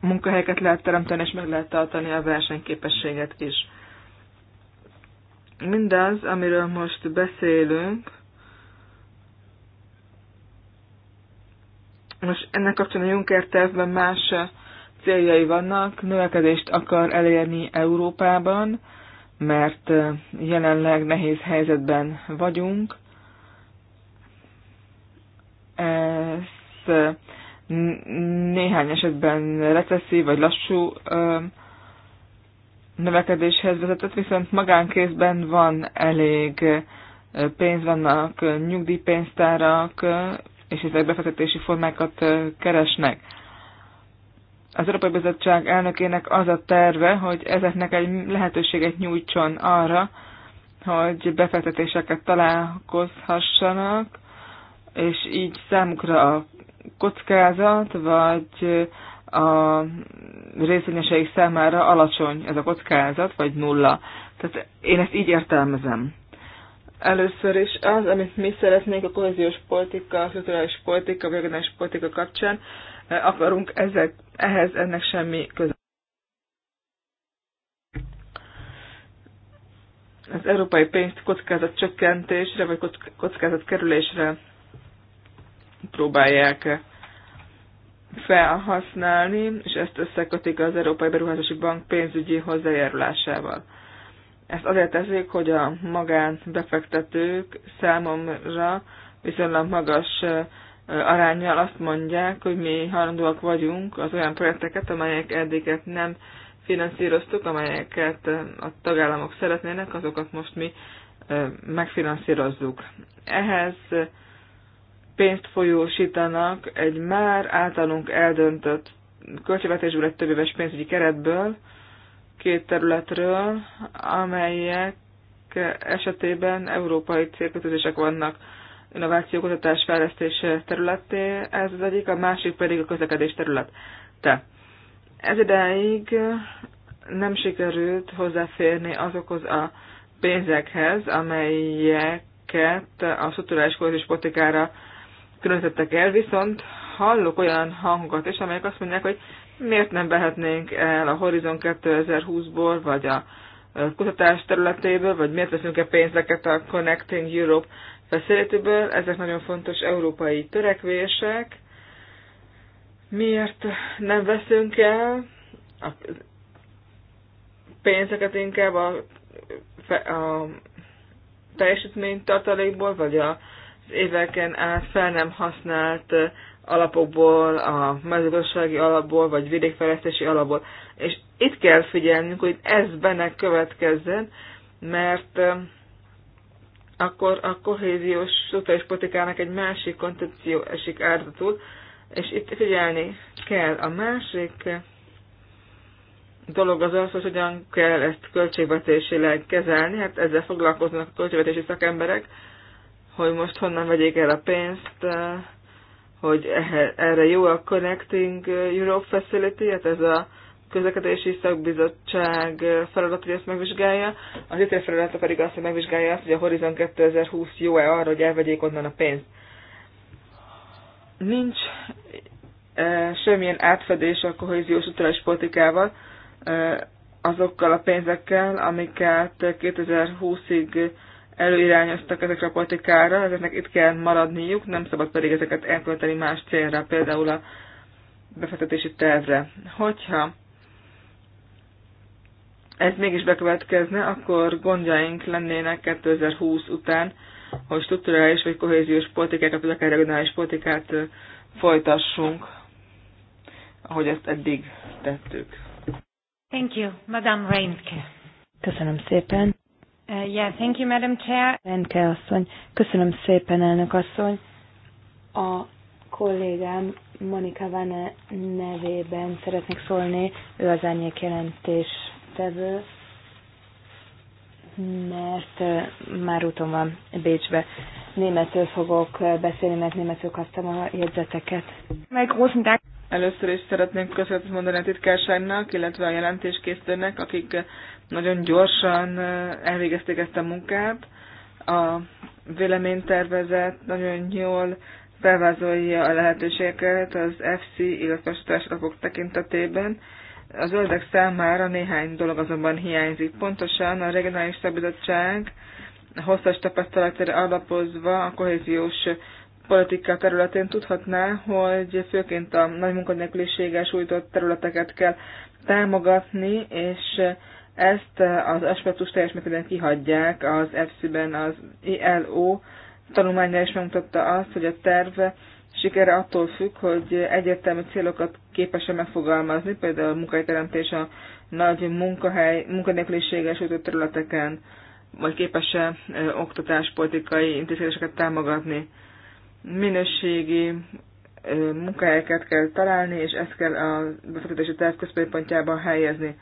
C: munkahelyeket lehet teremteni, és meg lehet tartani a versenyképességet is. Mindaz, amiről most beszélünk, most ennek kapcsán a Juncker tervben más céljai vannak, növekedést akar elérni Európában, mert jelenleg nehéz helyzetben vagyunk. Ez néhány esetben recesszív vagy lassú növekedéshez vezetett, viszont magánkézben van elég pénz, vannak nyugdíjpénztárak, és ezek befektetési formákat keresnek az Európai Bizottság elnökének az a terve, hogy ezeknek egy lehetőséget nyújtson arra, hogy befektetéseket találkozhassanak, és így számukra a kockázat, vagy a részvényesei számára alacsony ez a kockázat, vagy nulla. Tehát én ezt így értelmezem. Először is az, amit mi szeretnénk a kohéziós politika, a kulturális politika, a politika kapcsán, akarunk, ezek, ehhez ennek semmi köze. Az európai pénzt kockázat csökkentésre vagy kockázat kerülésre próbálják felhasználni, és ezt összekötik az Európai Beruházási Bank pénzügyi hozzájárulásával. Ezt azért teszik, hogy a magánbefektetők számomra viszonylag magas arányjal azt mondják, hogy mi hajlandóak vagyunk az olyan projekteket, amelyek eddiget nem finanszíroztuk, amelyeket a tagállamok szeretnének, azokat most mi megfinanszírozzuk. Ehhez pénzt folyósítanak egy már általunk eldöntött költségvetésből egy éves pénzügyi keretből, két területről, amelyek esetében európai célkötözések vannak innováció, kutatás, fejlesztés területé, ez az egyik, a másik pedig a közlekedés terület. Te. Ez ideig nem sikerült hozzáférni azokhoz a pénzekhez, amelyeket a strukturális kohéziós politikára különítettek el, viszont hallok olyan hangokat is, amelyek azt mondják, hogy miért nem vehetnénk el a Horizon 2020-ból, vagy a kutatás területéből, vagy miért veszünk-e pénzeket a Connecting Europe facilityből. Ezek nagyon fontos európai törekvések. Miért nem veszünk el a pénzeket inkább a, a teljesítménytartalékból, vagy az éveken át fel nem használt alapokból, a mezőgazdasági alapból, vagy vidékfejlesztési alapból. És itt kell figyelnünk, hogy ez benne következzen, mert akkor a kohéziós szociális politikának egy másik koncepció esik áldozatul, és itt figyelni kell. A másik dolog az az, hogy hogyan kell ezt költségvetésileg kezelni, hát ezzel foglalkoznak a költségvetési szakemberek, hogy most honnan vegyék el a pénzt, eh, hogy erre jó a Connecting Europe Facility, hát ez a közlekedési szakbizottság feladat, hogy ezt megvizsgálja, az ITF feladata pedig azt, hogy megvizsgálja azt, hogy a Horizon 2020 jó-e arra, hogy elvegyék onnan a pénzt. Nincs e, semmilyen átfedés a kohéziós utalás politikával, e, azokkal a pénzekkel, amiket 2020-ig előirányoztak ezekre a politikára, ezeknek itt kell maradniuk, nem szabad pedig ezeket elkölteni más célra, például a befektetési tervre. Hogyha ez mégis bekövetkezne, akkor gondjaink lennének 2020 után, hogy struktúrális vagy kohéziós politikákat, vagy akár regionális politikát folytassunk, ahogy ezt eddig tettük.
A: Thank you, Madame Reinke.
C: Köszönöm szépen.
A: Uh, yeah, thank you, Madam Chair.
B: Reinke asszony. Köszönöm szépen, elnök asszony. A kollégám Monika Vane nevében szeretnék szólni, ő az ennyi jelentés tevő, mert már úton van Bécsbe. Németül fogok beszélni, mert németül kaptam a jegyzeteket.
C: Meg Először is szeretnénk köszönetet mondani a titkárságnak, illetve a jelentéskészítőnek, akik nagyon gyorsan elvégezték ezt a munkát. A véleménytervezet nagyon jól felvázolja a lehetőségeket az FC, illetve a tekintetében az zöldek számára néhány dolog azonban hiányzik. Pontosan a regionális szabadság hosszas tapasztalatára alapozva a kohéziós politika területén tudhatná, hogy főként a nagy munkanélküliséges sújtott területeket kell támogatni, és ezt az aspektus teljes mértékben kihagyják az EFSZ-ben az ILO tanulmánya is megmutatta azt, hogy a terv sikere attól függ, hogy egyértelmű célokat képes-e megfogalmazni, például a munkahelyteremtés a nagy munkahely, munkanélküliséggel sújtott területeken, vagy képes-e oktatáspolitikai intézkedéseket támogatni. Minőségi munkahelyeket kell találni, és ezt kell a befektetési terv központjában helyezni.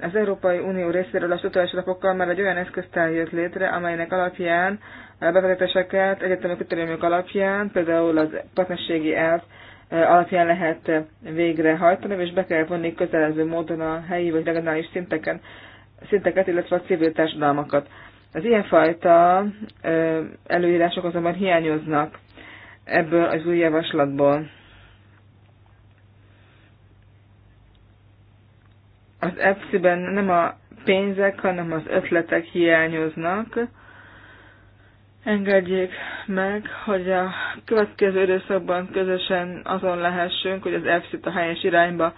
C: Az Európai Unió részéről a struktúrás alapokkal már egy olyan eszköztár jött létre, amelynek alapján bevezetéseket egyetemi kritériumok alapján, például az partnerségi elv alapján lehet végrehajtani, és be kell vonni kötelező módon a helyi vagy regionális szinteken, szinteket, illetve a civil társadalmakat. Az ilyenfajta előírások azonban hiányoznak ebből az új javaslatból. Az EPSZ-ben nem a pénzek, hanem az ötletek hiányoznak, engedjék meg, hogy a következő időszakban közösen azon lehessünk, hogy az EFSZ-t a helyes irányba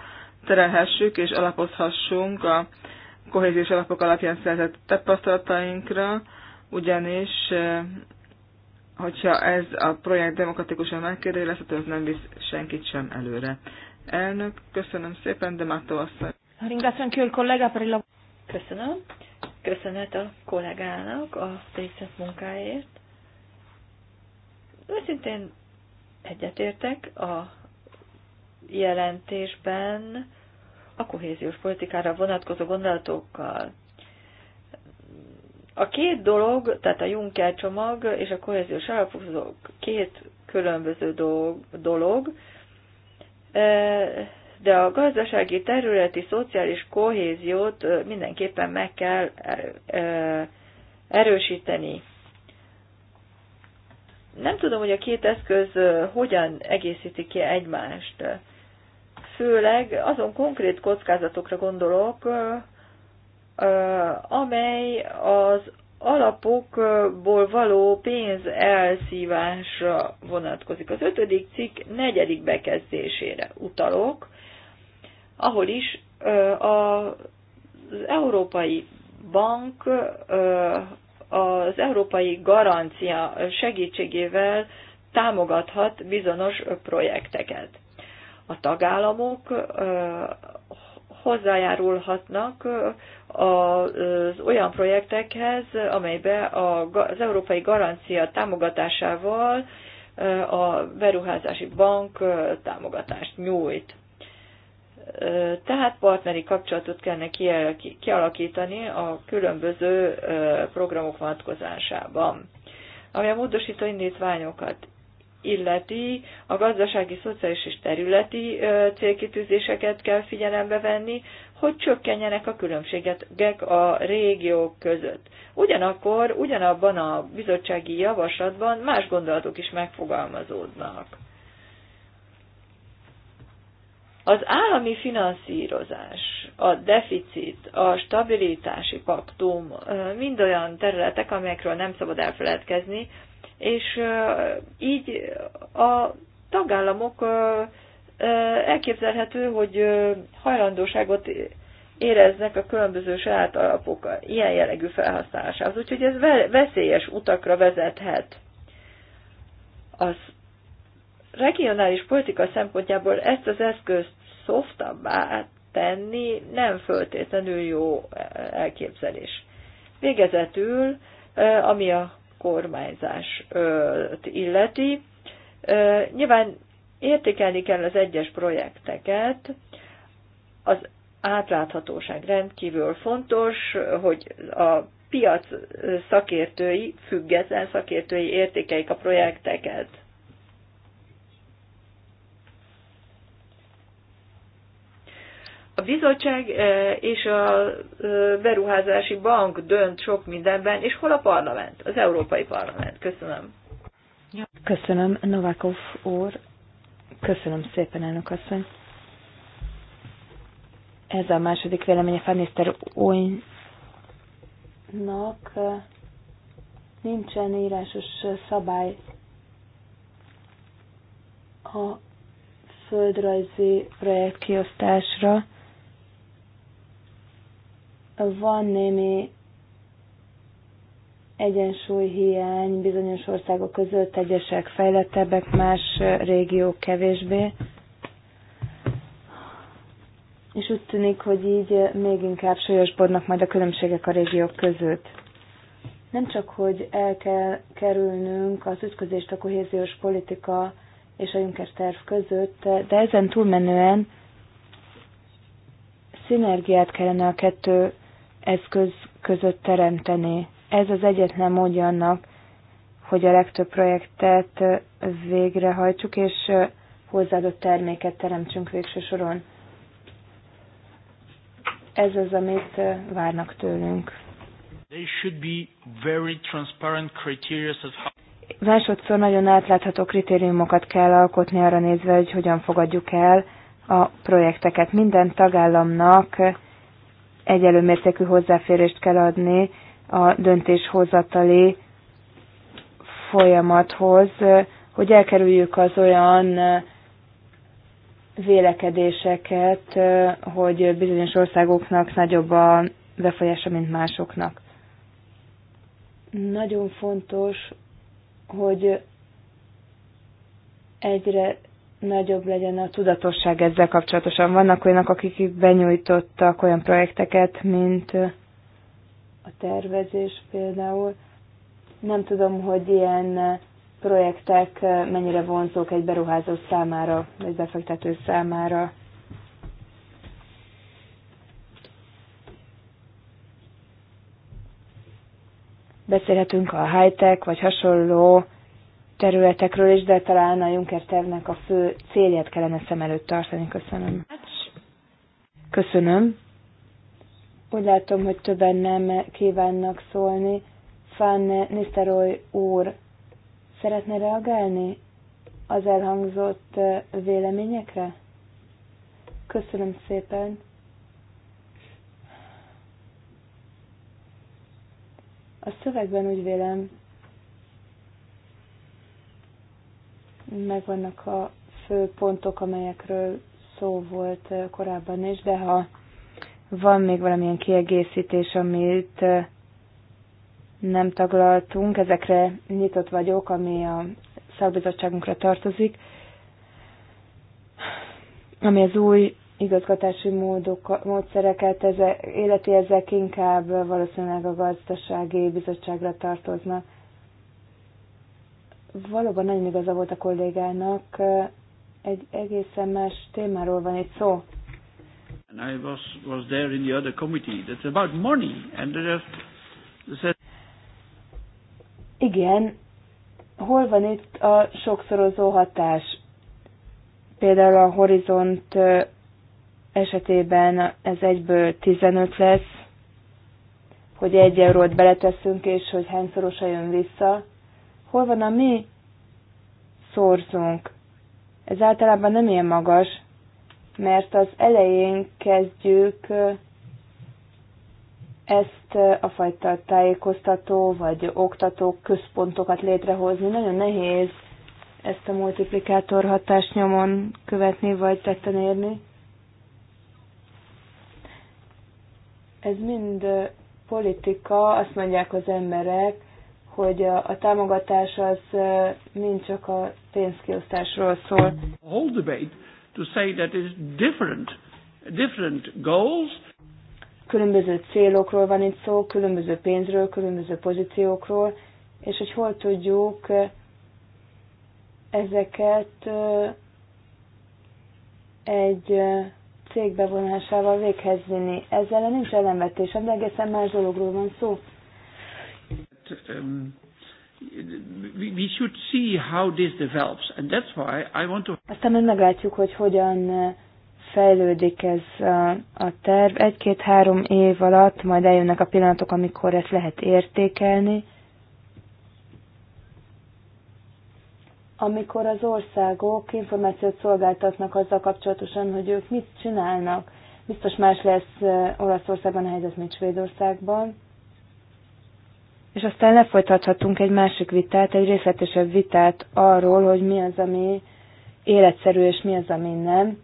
C: terelhessük és alapozhassunk a kohéziós alapok alapján szerzett tapasztalatainkra, ugyanis eh, hogyha ez a projekt demokratikusan megkérdőjelezhető, az nem visz senkit sem előre. Elnök, köszönöm szépen, de Mato asszony. Köszönöm. Köszönet a kollégának a végzett
E: munkáért. Őszintén egyetértek a jelentésben a kohéziós politikára vonatkozó gondolatokkal. A két dolog, tehát a Juncker csomag és a kohéziós alapozók két különböző dolog, dolog de a gazdasági, területi, szociális kohéziót mindenképpen meg kell erősíteni. Nem tudom, hogy a két eszköz hogyan egészíti ki egymást. Főleg azon konkrét kockázatokra gondolok, amely az alapokból való pénz elszívásra vonatkozik. Az ötödik cikk negyedik bekezdésére utalok, ahol is az Európai Bank az Európai Garancia segítségével támogathat bizonyos projekteket. A tagállamok hozzájárulhatnak az olyan projektekhez, amelybe az Európai Garancia támogatásával a Beruházási Bank támogatást nyújt. Tehát partneri kapcsolatot kellene kialakítani a különböző programok vonatkozásában. Ami a módosító indítványokat illeti, a gazdasági, szociális és területi célkitűzéseket kell figyelembe venni, hogy csökkenjenek a különbségek a régiók között. Ugyanakkor, ugyanabban a bizottsági javaslatban más gondolatok is megfogalmazódnak. Az állami finanszírozás, a deficit, a stabilitási paktum mind olyan területek, amelyekről nem szabad elfeledkezni, és így a tagállamok elképzelhető, hogy hajlandóságot éreznek a különböző saját alapok ilyen jellegű felhasználásához. Úgyhogy ez veszélyes utakra vezethet. Az regionális politika szempontjából ezt az eszközt szoftabbá tenni nem föltétlenül jó e, elképzelés. Végezetül, e, ami a kormányzás illeti, nyilván értékelni kell az egyes projekteket, az átláthatóság rendkívül fontos, hogy a piac szakértői, független szakértői értékeik a projekteket. A bizottság e, és a e, beruházási bank dönt sok mindenben, és hol a parlament? Az Európai Parlament. Köszönöm.
B: Köszönöm, Novakov úr. Köszönöm szépen, elnök asszony. Ez a második véleménye Fannister újnak nincsen írásos szabály a földrajzi projektkiosztásra. Van némi egyensúlyhiány bizonyos országok között, egyesek fejlettebbek, más régiók kevésbé. És úgy tűnik, hogy így még inkább súlyosbodnak majd a különbségek a régiók között. Nem csak, hogy el kell kerülnünk az ütközést a kohéziós politika és a Juncker terv között, de ezen túlmenően szinergiát kellene a kettő eszköz között teremteni. Ez az egyetlen módja annak, hogy a legtöbb projektet végrehajtsuk, és hozzáadott terméket teremtsünk végső soron. Ez az, amit várnak tőlünk. Másodszor nagyon átlátható kritériumokat kell alkotni arra nézve, hogy hogyan fogadjuk el a projekteket. Minden tagállamnak egyelő mértékű hozzáférést kell adni a döntéshozatali folyamathoz, hogy elkerüljük az olyan vélekedéseket, hogy bizonyos országoknak nagyobb a befolyása, mint másoknak. Nagyon fontos, hogy egyre nagyobb legyen a tudatosság ezzel kapcsolatosan. Vannak olyanok, akik benyújtottak olyan projekteket, mint a tervezés például. Nem tudom, hogy ilyen projektek mennyire vonzók egy beruházó számára, vagy befektető számára. Beszélhetünk a high-tech, vagy hasonló területekről is, de talán a Juncker tervnek a fő célját kellene szem előtt tartani. Köszönöm. Köszönöm. Úgy látom, hogy többen nem kívánnak szólni. Fan Nisztaroly úr, szeretne reagálni az elhangzott véleményekre? Köszönöm szépen. A szövegben úgy vélem, megvannak a fő pontok, amelyekről szó volt eh, korábban is, de ha van még valamilyen kiegészítés, amit eh, nem taglaltunk, ezekre nyitott vagyok, ami a szakbizottságunkra tartozik, ami az új igazgatási módok, módszereket, ezek, életi ezek inkább valószínűleg a gazdasági bizottságra tartoznak. Valóban nagyon igaza volt a kollégának, egy egészen más témáról van itt szó.
D: And I was, was there in the other committee. That's about money. And there's, there's...
B: Igen, hol van itt a sokszorozó hatás? Például a horizont esetében ez egyből 15 lesz, hogy egy eurót beleteszünk, és hogy hányszorosa jön vissza hol van a mi szorzunk. Ez általában nem ilyen magas, mert az elején kezdjük ezt a fajta tájékoztató vagy oktató központokat létrehozni. Nagyon nehéz ezt a multiplikátor hatást nyomon követni vagy tetten érni. Ez mind politika, azt mondják az emberek, hogy a támogatás az mind csak a pénzkiosztásról szól. A whole
D: debate to say that is different, different goals.
B: Különböző célokról van itt szó, különböző pénzről, különböző pozíciókról, és hogy hol tudjuk ezeket egy cég bevonásával véghez vinni. Ezzel nincs ellenvetés, de egészen más dologról van szó
D: um, we should see how this develops, and that's why I want to.
B: Aztán majd meglátjuk, hogy hogyan uh, fejlődik ez uh, a terv. Egy-két-három év alatt majd eljönnek a pillanatok, amikor ezt lehet értékelni. Amikor az országok információt szolgáltatnak azzal kapcsolatosan, hogy ők mit csinálnak. Biztos más lesz uh, Olaszországban a helyzet, mint Svédországban és aztán lefolytathatunk egy másik vitát, egy részletesebb vitát arról, hogy mi az, ami életszerű, és mi az, ami nem.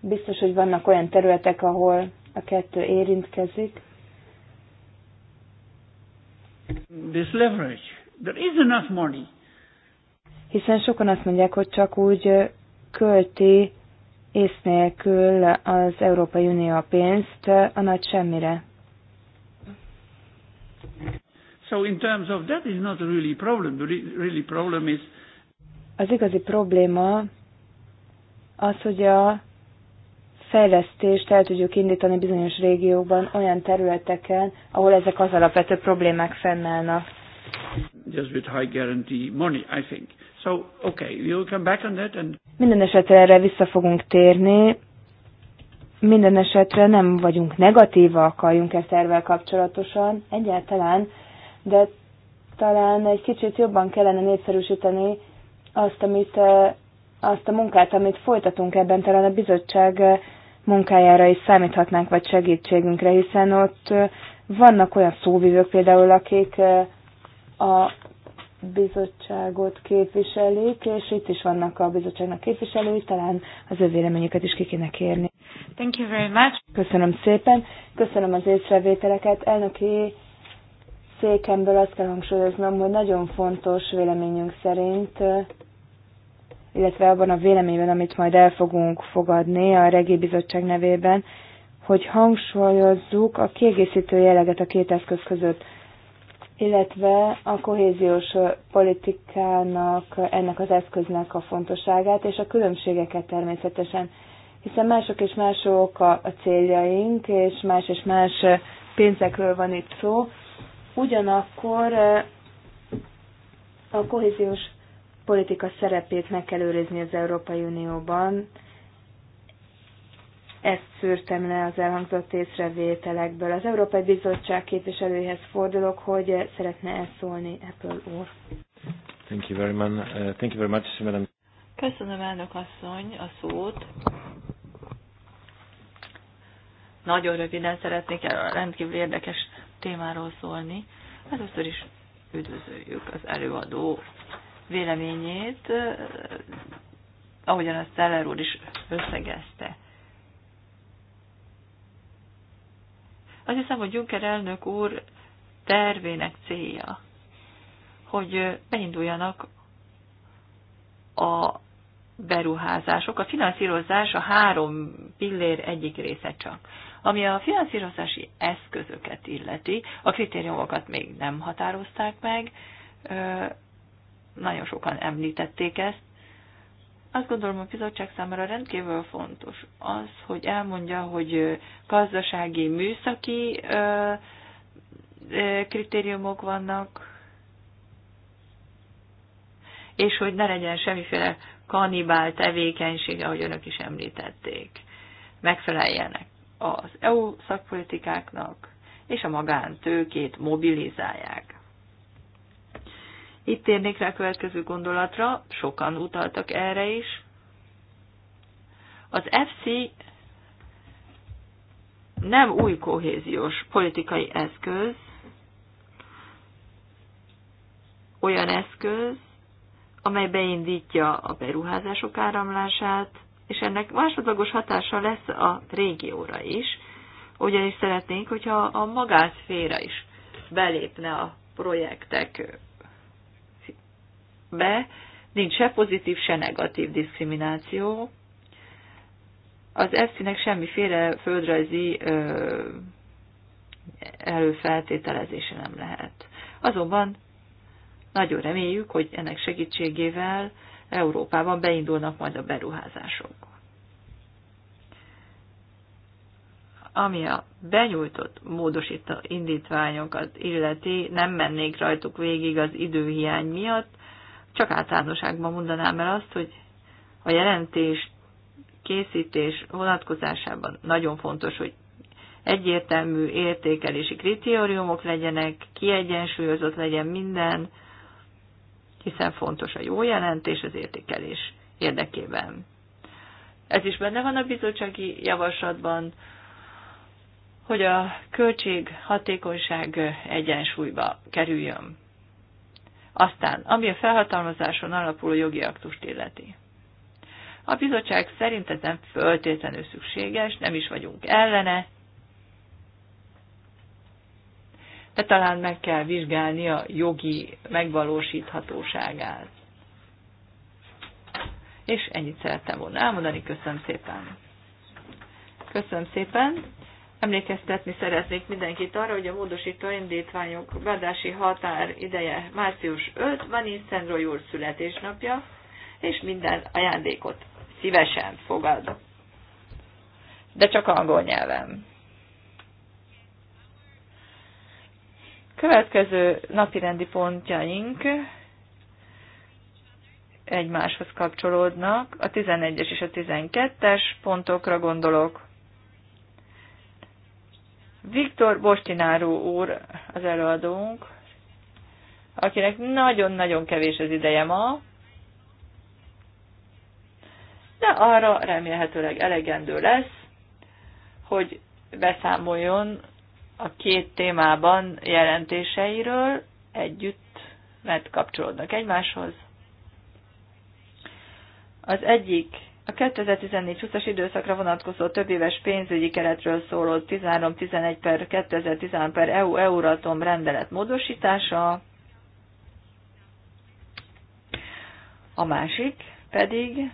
B: Biztos, hogy vannak olyan területek, ahol a kettő érintkezik.
D: This leverage. There is enough money.
B: Hiszen sokan azt mondják, hogy csak úgy költi ész nélkül az Európai Unió a pénzt a nagy semmire.
D: So in terms of that is not really problem. The really problem is
B: az igazi probléma az, hogy a fejlesztést el tudjuk indítani bizonyos régiókban, olyan területeken, ahol ezek az alapvető problémák fennállnak.
D: Just with high guarantee money, I think. So, okay, we'll come back on that and...
B: Minden esetre erre vissza fogunk térni. Minden esetre nem vagyunk negatívak a Juncker tervvel kapcsolatosan, egyáltalán, de talán egy kicsit jobban kellene népszerűsíteni azt, amit, eh, azt a munkát, amit folytatunk ebben, talán a bizottság eh, munkájára is számíthatnánk, vagy segítségünkre, hiszen ott eh, vannak olyan szóvivők például, akik a bizottságot képviselik, és itt is vannak a bizottságnak képviselői, talán az ő véleményüket is ki kéne kérni.
A: Thank you very much.
B: Köszönöm szépen, köszönöm az észrevételeket. Elnöki székemből azt kell hangsúlyoznom, hogy nagyon fontos véleményünk szerint, illetve abban a véleményben, amit majd el fogunk fogadni a Regi Bizottság nevében, hogy hangsúlyozzuk a kiegészítő jelleget a két eszköz között illetve a kohéziós politikának, ennek az eszköznek a fontosságát, és a különbségeket természetesen, hiszen mások és mások a, a céljaink, és más és más pénzekről van itt szó. Ugyanakkor eh, a kohéziós politika szerepét meg kell őrizni az Európai Unióban, ezt szűrtem le az elhangzott észrevételekből. Az Európai Bizottság képviselőjéhez fordulok, hogy szeretne elszólni szólni Apple úr.
D: Thank you very much. Uh, thank you very much, madam.
E: Köszönöm, elnök asszony, a szót. Nagyon röviden szeretnék a rendkívül érdekes témáról szólni. Először is üdvözöljük az előadó véleményét, eh, ahogyan a Szeller úr is összegezte. Azt hiszem, hogy Juncker elnök úr tervének célja, hogy beinduljanak a beruházások. A finanszírozás a három pillér egyik része csak. Ami a finanszírozási eszközöket illeti, a kritériumokat még nem határozták meg, nagyon sokan említették ezt, azt gondolom, a bizottság számára rendkívül fontos az, hogy elmondja, hogy gazdasági, műszaki kritériumok vannak, és hogy ne legyen semmiféle kanibál tevékenysége, ahogy önök is említették. Megfeleljenek az EU szakpolitikáknak, és a magántőkét mobilizálják. Itt térnék rá a következő gondolatra, sokan utaltak erre is. Az FC nem új kohéziós politikai eszköz, olyan eszköz, amely beindítja a beruházások áramlását, és ennek másodlagos hatása lesz a régióra is, ugyanis szeretnénk, hogyha a magánszféra is belépne a projektek be, nincs se pozitív, se negatív diszkrimináció. Az EFSZ-nek semmiféle földrajzi ö, előfeltételezése nem lehet. Azonban nagyon reméljük, hogy ennek segítségével Európában beindulnak majd a beruházások. Ami a benyújtott módosító indítványokat illeti, nem mennék rajtuk végig az időhiány miatt, csak általánosságban mondanám el azt, hogy a jelentés készítés vonatkozásában nagyon fontos, hogy egyértelmű értékelési kritériumok legyenek, kiegyensúlyozott legyen minden, hiszen fontos a jó jelentés az értékelés érdekében. Ez is benne van a bizottsági javaslatban, hogy a költség hatékonyság egyensúlyba kerüljön. Aztán, ami a felhatalmazáson alapuló jogi aktust illeti. A bizottság szerint ez nem föltétlenül szükséges, nem is vagyunk ellene, de talán meg kell vizsgálni a jogi megvalósíthatóságát. És ennyit szerettem volna elmondani, köszönöm szépen. Köszönöm szépen. Emlékeztetni szeretnék mindenkit arra, hogy a módosító indítványok beadási határ ideje március 5, van Inszen Royul születésnapja, és minden ajándékot szívesen fogad. De csak angol nyelven. Következő napirendi pontjaink egymáshoz kapcsolódnak. A 11-es és a 12-es pontokra gondolok. Viktor Bostináró úr az előadónk, akinek nagyon-nagyon kevés az ideje ma, de arra remélhetőleg elegendő lesz, hogy beszámoljon a két témában jelentéseiről együtt, mert kapcsolódnak egymáshoz. Az egyik a 2014-20-as időszakra vonatkozó éves pénzügyi keretről szóló 13-11 per 2013 per EU Euratom rendelet módosítása, a másik pedig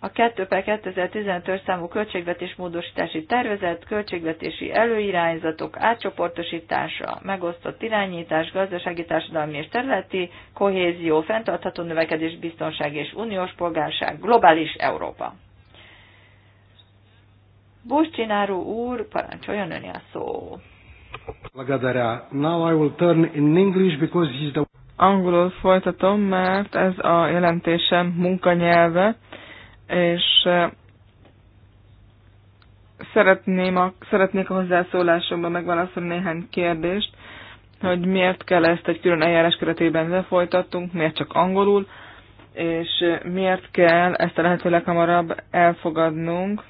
E: a 2 per 2015-ös számú költségvetés módosítási tervezet, költségvetési előirányzatok átcsoportosítása, megosztott irányítás, gazdasági, társadalmi és területi kohézió, fenntartható növekedés, biztonság és uniós polgárság, globális Európa. Buscsináró úr, parancsoljon öni a szó.
C: Now I will turn in English because he's the... Angolul folytatom, mert ez a jelentésem munkanyelve és szeretném a, szeretnék a hozzászólásomban megválaszolni néhány kérdést, hogy miért kell ezt egy külön eljárás keretében lefolytatunk, miért csak angolul, és miért kell ezt a lehető leghamarabb elfogadnunk,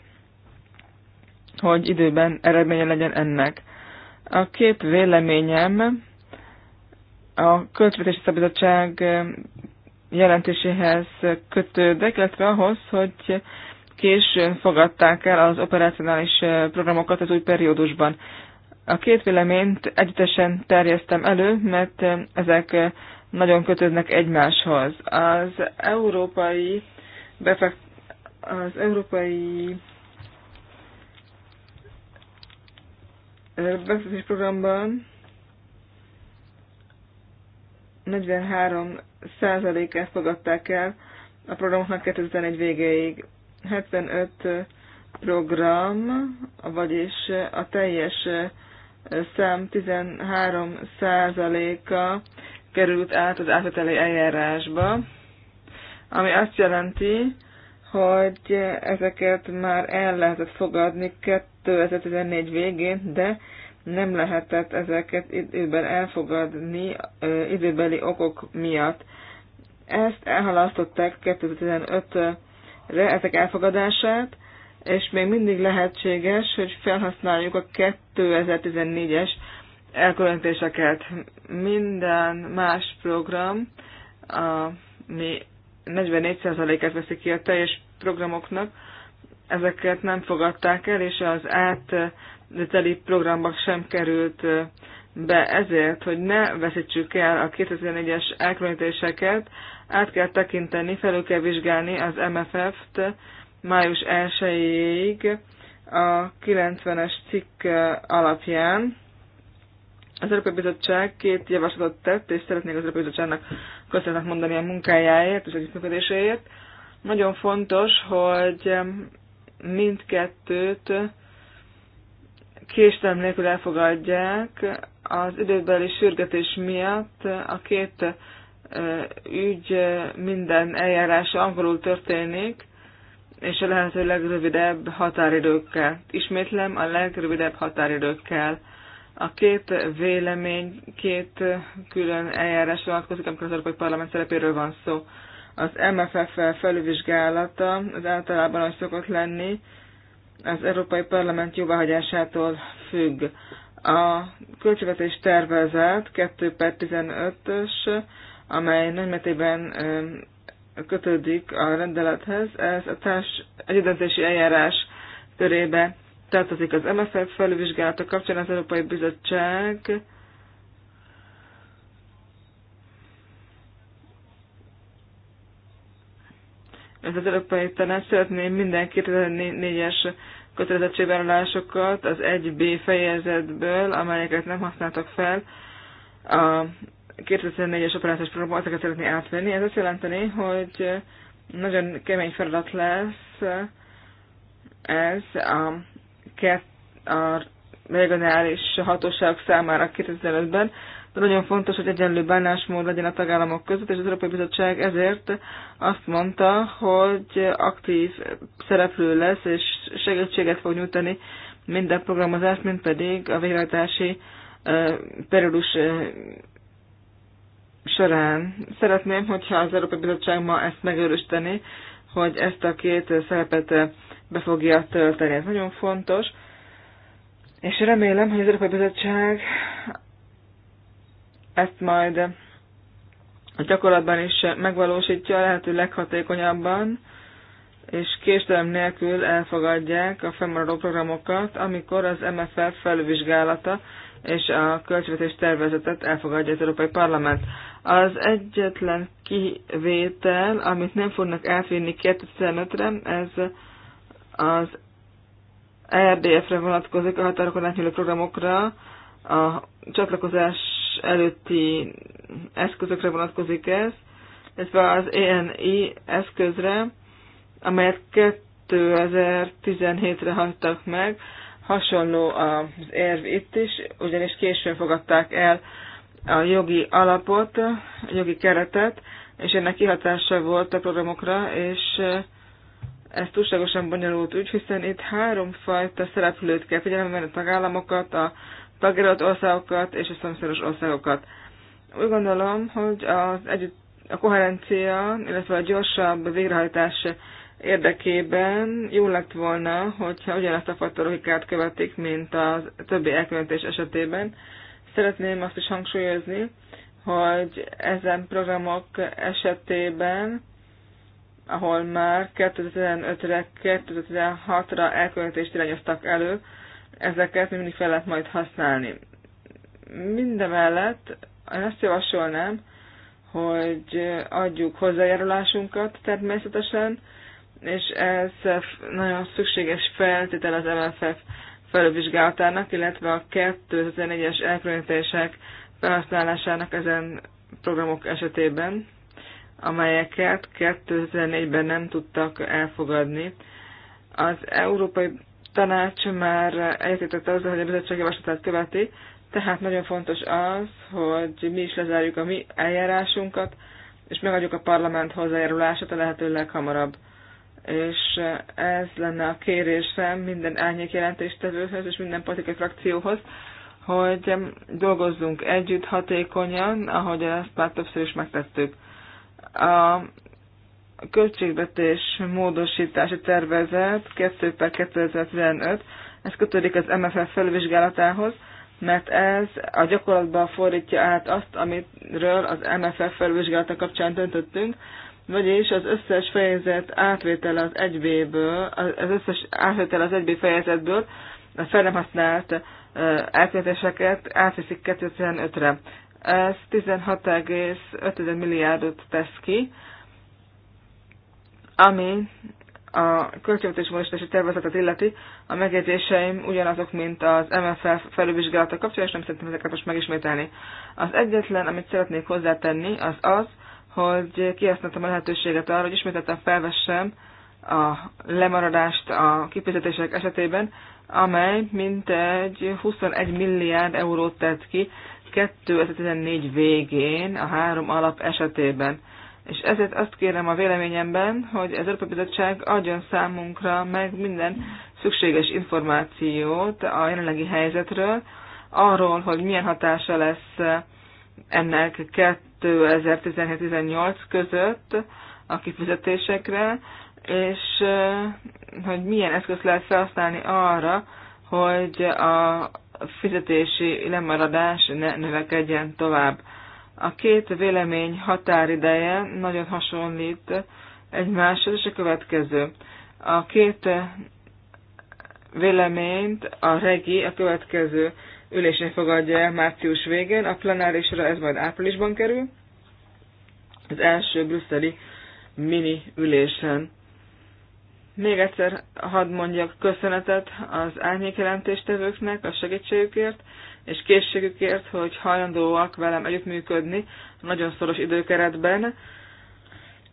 C: hogy időben eredménye legyen ennek. A két véleményem a Költségvetési Szabadság jelentéséhez kötődek, illetve ahhoz, hogy későn fogadták el az operacionális programokat az új periódusban. A két véleményt együttesen terjesztem elő, mert ezek nagyon kötődnek egymáshoz. Az európai befekt, az európai befektetés programban 43 át fogadták el a programoknak 2001 végéig. 75 program, vagyis a teljes eh, szám 13 százaléka került át az átveteli eljárásba, ami azt jelenti, hogy ezeket már el lehetett fogadni 2014 végén, de nem lehetett ezeket időben elfogadni időbeli okok miatt. Ezt elhalasztották 2015-re ezek elfogadását, és még mindig lehetséges, hogy felhasználjuk a 2014-es elkülönítéseket. Minden más program, ami 44%-et veszi ki a teljes programoknak, ezeket nem fogadták el, és az át teli programban sem került be ezért, hogy ne veszítsük el a 2004-es elkülönítéseket, át kell tekinteni, felül kell vizsgálni az MFF-t május 1-ig a 90-es cikk alapján. Az Európai Bizottság két javaslatot tett, és szeretnék az Európai Bizottságnak köszönetet mondani a munkájáért és együttműködéséért. Nagyon fontos, hogy mindkettőt késtem nélkül elfogadják. Az időbeli sürgetés miatt a két ügy minden eljárása angolul történik, és a lehető legrövidebb határidőkkel. Ismétlem, a legrövidebb határidőkkel. A két vélemény két külön eljárás vonatkozik, amikor az Európai Parlament szerepéről van szó. Az MFF felülvizsgálata az általában az szokott lenni, az Európai Parlament jóváhagyásától függ. A költségvetés tervezet 2 per 15-ös, amely nagymetében kötődik a rendelethez, ez a társ egyedöntési eljárás körébe tartozik az MFF felülvizsgálata kapcsán az Európai Bizottság ez az Európai Tanács szeretné minden 2004-es kötelezettségvállalásokat az 1B fejezetből, amelyeket nem használtak fel a 2004-es operációs programban, ezeket szeretné átvenni. Ez azt jelenteni, hogy nagyon kemény feladat lesz ez a, a regionális hatóságok számára 2005-ben, de nagyon fontos, hogy egyenlő bánásmód legyen a tagállamok között, és az Európai Bizottság ezért azt mondta, hogy aktív szereplő lesz, és segítséget fog nyújtani minden programozást, mint pedig a végrehajtási periódus során. Szeretném, hogyha az Európai Bizottság ma ezt megerősíteni, hogy ezt a két szerepet be fogja tölteni. Ez nagyon fontos, és remélem, hogy az Európai Bizottság ezt majd a gyakorlatban is megvalósítja lehető leghatékonyabban, és késtelem nélkül elfogadják a fennmaradó programokat, amikor az MFF felvizsgálata és a költségvetés tervezetet elfogadja az Európai Parlament. Az egyetlen kivétel, amit nem fognak elférni 2015-re, ez az E RDF-re vonatkozik a határokon átnyúló programokra, a csatlakozás előtti eszközökre vonatkozik ez, illetve az ENI eszközre, amelyet 2017-re hagytak meg, hasonló az érv itt is, ugyanis későn fogadták el a jogi alapot, a jogi keretet, és ennek kihatása volt a programokra, és ez túlságosan bonyolult ügy, hiszen itt háromfajta szereplőt kell figyelembe a tagállamokat, a tagjelölt országokat és a szomszédos országokat. Úgy gondolom, hogy az együtt, a koherencia, illetve a gyorsabb végrehajtás érdekében jó lett volna, hogyha ugyanazt a fajta logikát követik, mint a többi elkülönítés esetében. Szeretném azt is hangsúlyozni, hogy ezen programok esetében ahol már 2015-re, 2016-ra elkövetést irányoztak elő, ezeket mindig fel lehet majd használni. Mindemellett én azt javasolnám, hogy adjuk hozzájárulásunkat természetesen, és ez nagyon szükséges feltétel az MFF felülvizsgálatának, illetve a 2014 es elkülönítések felhasználásának ezen programok esetében amelyeket 2004-ben nem tudtak elfogadni. Az Európai Tanács már egyetértett azzal, hogy a bizottság javaslatát követi, tehát nagyon fontos az, hogy mi is lezárjuk a mi eljárásunkat, és megadjuk a parlament hozzájárulását a lehető leghamarabb. És ez lenne a kérésem minden árnyék jelentéstevőhöz és minden politikai frakcióhoz, hogy dolgozzunk együtt hatékonyan, ahogy ezt már többször is megtettük. A költségvetés módosítási tervezet 2 per 2015, ez kötődik az MFF felvizsgálatához, mert ez a gyakorlatban fordítja át azt, amiről az MFF felvizsgálata kapcsán döntöttünk, vagyis az összes fejezet átvétel az 1B-ből, az összes átvétel az 1B fejezetből a fel nem használt átvetéseket 2015-re ez 16,5 milliárdot tesz ki, ami a költségvetés módosítási tervezetet illeti, a megjegyzéseim ugyanazok, mint az MFF felülvizsgálata kapcsolatban, és nem szeretném ezeket most megismételni. Az egyetlen, amit szeretnék hozzátenni, az az, hogy kihasználtam a lehetőséget arra, hogy ismételten felvessem a lemaradást a kifizetések esetében, amely mintegy 21 milliárd eurót tett ki 2014 végén a három alap esetében. És ezért azt kérem a véleményemben, hogy az Európai Bizottság adjon számunkra meg minden szükséges információt a jelenlegi helyzetről, arról, hogy milyen hatása lesz ennek 2017-18 között a kifizetésekre, és hogy milyen eszközt lehet felhasználni arra, hogy a fizetési lemaradás ne növekedjen tovább. A két vélemény határideje nagyon hasonlít egymáshoz, és a következő. A két véleményt a regi a következő ülésén fogadja el március végén, a plenárisra ez majd áprilisban kerül, az első brüsszeli mini ülésen. Még egyszer hadd mondjak köszönetet az árnyékjelentéstevőknek a segítségükért és készségükért, hogy hajlandóak velem együttműködni nagyon szoros időkeretben,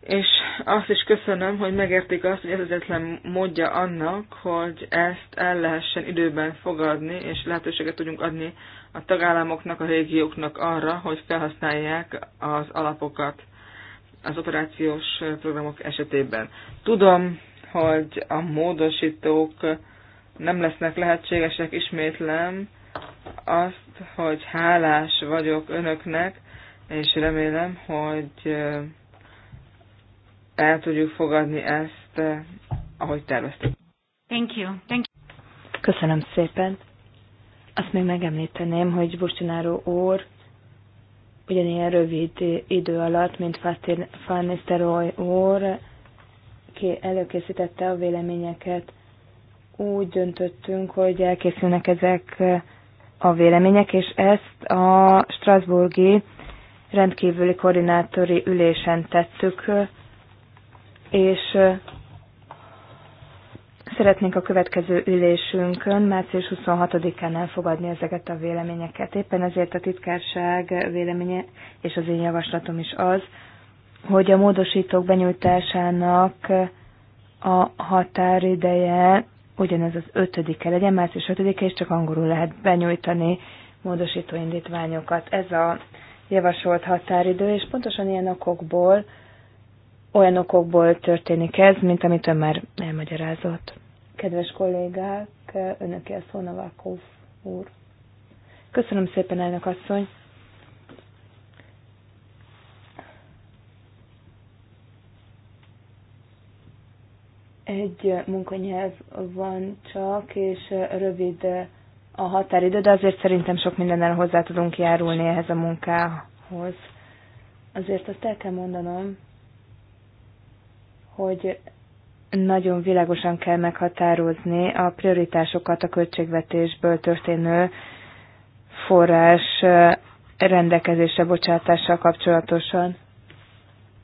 C: és azt is köszönöm, hogy megértik azt, hogy ez egyetlen módja annak, hogy ezt el lehessen időben fogadni, és lehetőséget tudjunk adni a tagállamoknak, a régióknak arra, hogy felhasználják az alapokat az operációs programok esetében. Tudom, hogy a módosítók nem lesznek lehetségesek, ismétlem azt, hogy hálás vagyok önöknek, és remélem, hogy el tudjuk fogadni ezt, ahogy terveztük. Thank you. Thank
B: you. Köszönöm szépen. Azt még megemlíteném, hogy Bostináró úr ugyanilyen rövid idő alatt, mint Fanny Steroy úr, előkészítette a véleményeket. Úgy döntöttünk, hogy elkészülnek ezek a vélemények, és ezt a Strasburgi rendkívüli koordinátori ülésen tettük, és szeretnénk a következő ülésünkön, március 26-án elfogadni ezeket a véleményeket. Éppen ezért a titkárság véleménye és az én javaslatom is az, hogy a módosítók benyújtásának a határideje ugyanez az ötödike legyen, március 5 és csak angolul lehet benyújtani módosító indítványokat. Ez a javasolt határidő, és pontosan ilyen okokból, olyan okokból történik ez, mint amit ön már elmagyarázott. Kedves kollégák, önöké a Szónavákov úr. Köszönöm szépen, elnök asszony! Egy munkanyelv van csak, és rövid a határidő, de azért szerintem sok mindennel hozzá tudunk járulni ehhez a munkához. Azért azt el kell mondanom, hogy nagyon világosan kell meghatározni a prioritásokat a költségvetésből történő forrás rendelkezésre bocsátással kapcsolatosan.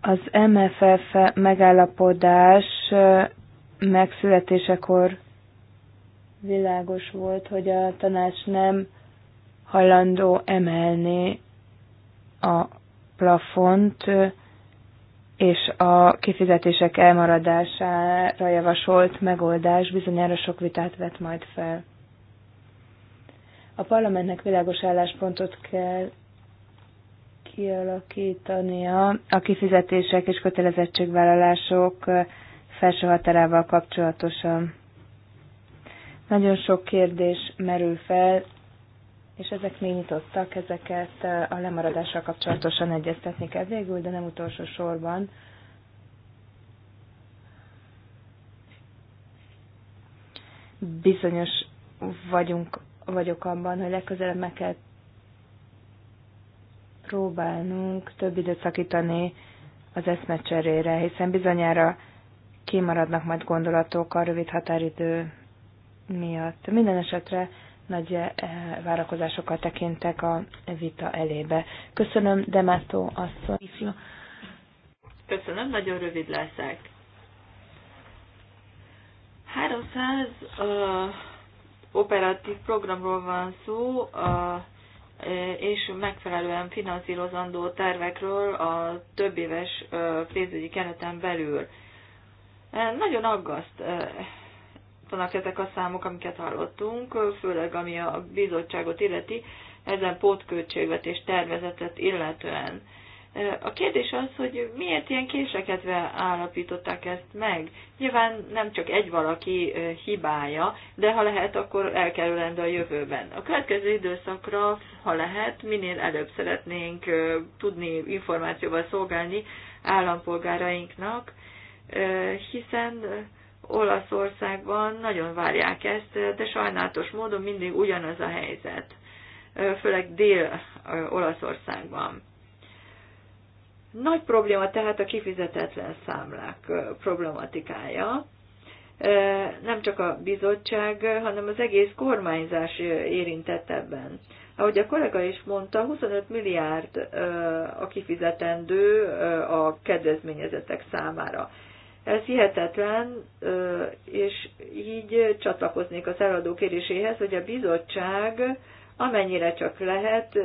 B: Az MFF megállapodás megszületésekor világos volt, hogy a tanács nem hajlandó emelni a plafont, és a kifizetések elmaradására javasolt megoldás bizonyára sok vitát vett majd fel. A parlamentnek világos álláspontot kell kialakítania a kifizetések és kötelezettségvállalások felső határával kapcsolatosan. Nagyon sok kérdés merül fel, és ezek még nyitottak, ezeket a lemaradással kapcsolatosan egyeztetni kell végül, de nem utolsó sorban. Bizonyos vagyunk, vagyok abban, hogy legközelebb meg kell próbálnunk több időt szakítani az eszmecserére, hiszen bizonyára kimaradnak majd gondolatok a rövid határidő miatt. Minden esetre nagy eh, várakozásokkal tekintek a vita elébe. Köszönöm, Demátó asszony.
E: Köszönöm, nagyon rövid leszek. 300 uh, operatív programról van szó, uh, és megfelelően finanszírozandó tervekről a több éves pénzügyi kereten belül. Eh, nagyon aggasztanak eh, ezek a számok, amiket hallottunk, főleg ami a bizottságot illeti, ezen pótköltségvetés tervezetet illetően. Eh, a kérdés az, hogy miért ilyen késekedve állapították ezt meg. Nyilván nem csak egy valaki hibája, de ha lehet, akkor elkerülendő a jövőben. A következő időszakra, ha lehet, minél előbb szeretnénk tudni információval szolgálni állampolgárainknak, hiszen Olaszországban nagyon várják ezt, de sajnálatos módon mindig ugyanaz a helyzet, főleg Dél-Olaszországban. Nagy probléma tehát a kifizetetlen számlák problematikája. Nem csak a bizottság, hanem az egész kormányzás érintett ebben. Ahogy a kollega is mondta, 25 milliárd a kifizetendő a kedvezményezettek számára. Ez hihetetlen, és így csatlakoznék az eladó kéréséhez, hogy a bizottság amennyire csak lehet,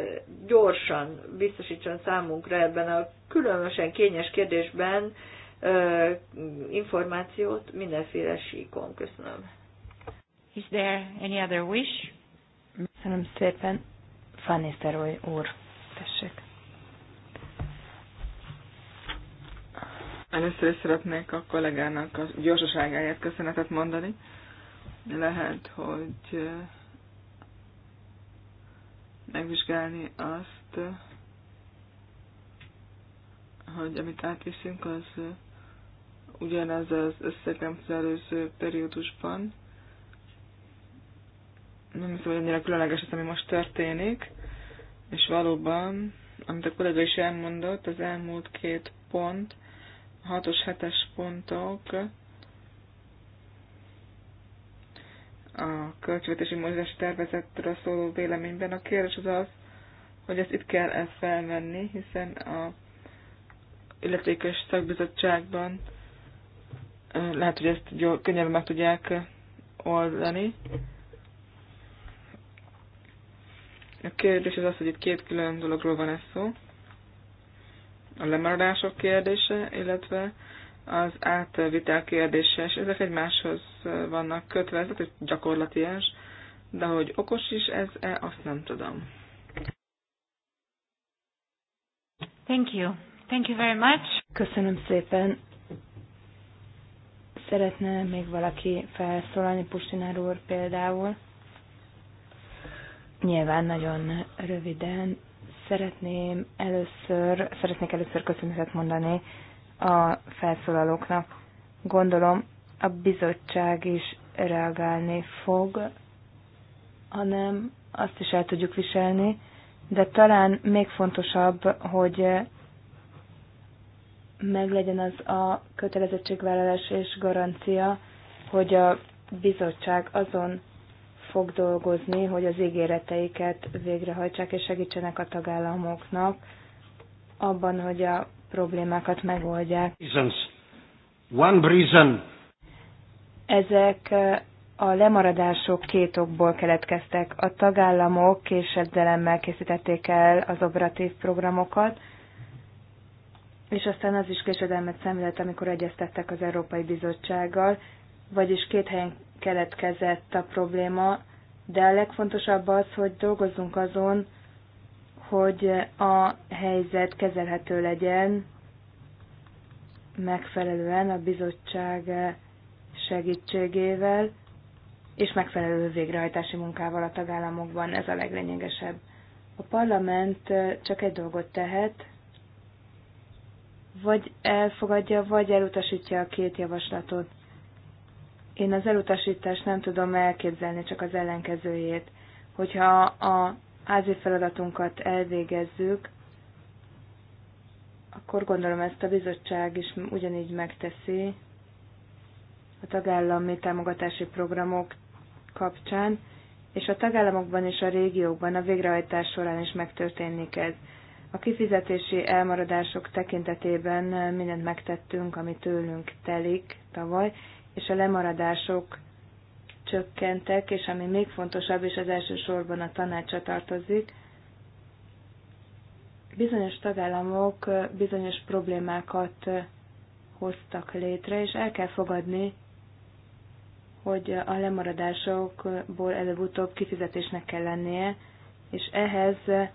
E: gyorsan biztosítson számunkra ebben a különösen kényes kérdésben információt mindenféle síkon. Köszönöm.
A: Is there any other wish? Köszönöm szépen. Fanny
C: úr, tessék. Először is szeretnék a kollégának a gyorsaságáért köszönetet mondani. Lehet, hogy megvizsgálni azt, hogy amit átviszünk, az ugyanaz az összegem az előző periódusban. Nem hiszem, hogy annyira különleges az, ami most történik. És valóban, amit a kollega is elmondott, az elmúlt két pont, 6-os, 7-es pontok a költségvetési mozgás tervezetről szóló véleményben. A kérdés az az, hogy ezt itt kell -e felvenni, hiszen a illetékes szakbizottságban lehet, hogy ezt könnyebben meg tudják oldani. A kérdés az az, hogy itt két külön dologról van ez szó a lemaradások kérdése, illetve az átvitel kérdése, és ezek egymáshoz vannak kötve, ez egy gyakorlatias, de hogy okos is ez-e, azt nem tudom.
A: Thank you. Thank you very much. Köszönöm szépen.
B: Szeretne még valaki felszólalni, Pustinár úr például? Nyilván nagyon röviden. Szeretném először, szeretnék először köszönetet mondani a felszólalóknak. Gondolom a bizottság is reagálni fog, hanem azt is el tudjuk viselni, de talán még fontosabb, hogy meglegyen az a kötelezettségvállalás és garancia, hogy a bizottság azon fog dolgozni, hogy az ígéreteiket végrehajtsák és segítsenek a tagállamoknak abban, hogy a problémákat megoldják.
D: One reason.
B: Ezek a lemaradások két okból keletkeztek. A tagállamok késedelemmel készítették el az operatív programokat, és aztán az is késedelmet szemlélt, amikor egyeztettek az Európai Bizottsággal, vagyis két helyen keletkezett a probléma, de a legfontosabb az, hogy dolgozzunk azon, hogy a helyzet kezelhető legyen megfelelően a bizottság segítségével, és megfelelő végrehajtási munkával a tagállamokban, ez a leglényegesebb. A parlament csak egy dolgot tehet, vagy elfogadja, vagy elutasítja a két javaslatot. Én az elutasítást nem tudom elképzelni, csak az ellenkezőjét. Hogyha a házi feladatunkat elvégezzük, akkor gondolom ezt a bizottság is ugyanígy megteszi a tagállami támogatási programok kapcsán, és a tagállamokban és a régiókban a végrehajtás során is megtörténik ez. A kifizetési elmaradások tekintetében mindent megtettünk, ami tőlünk telik tavaly, és a lemaradások csökkentek, és ami még fontosabb, és az elsősorban a tanácsa tartozik, bizonyos tagállamok bizonyos problémákat hoztak létre, és el kell fogadni, hogy a lemaradásokból előbb-utóbb kifizetésnek kell lennie, és ehhez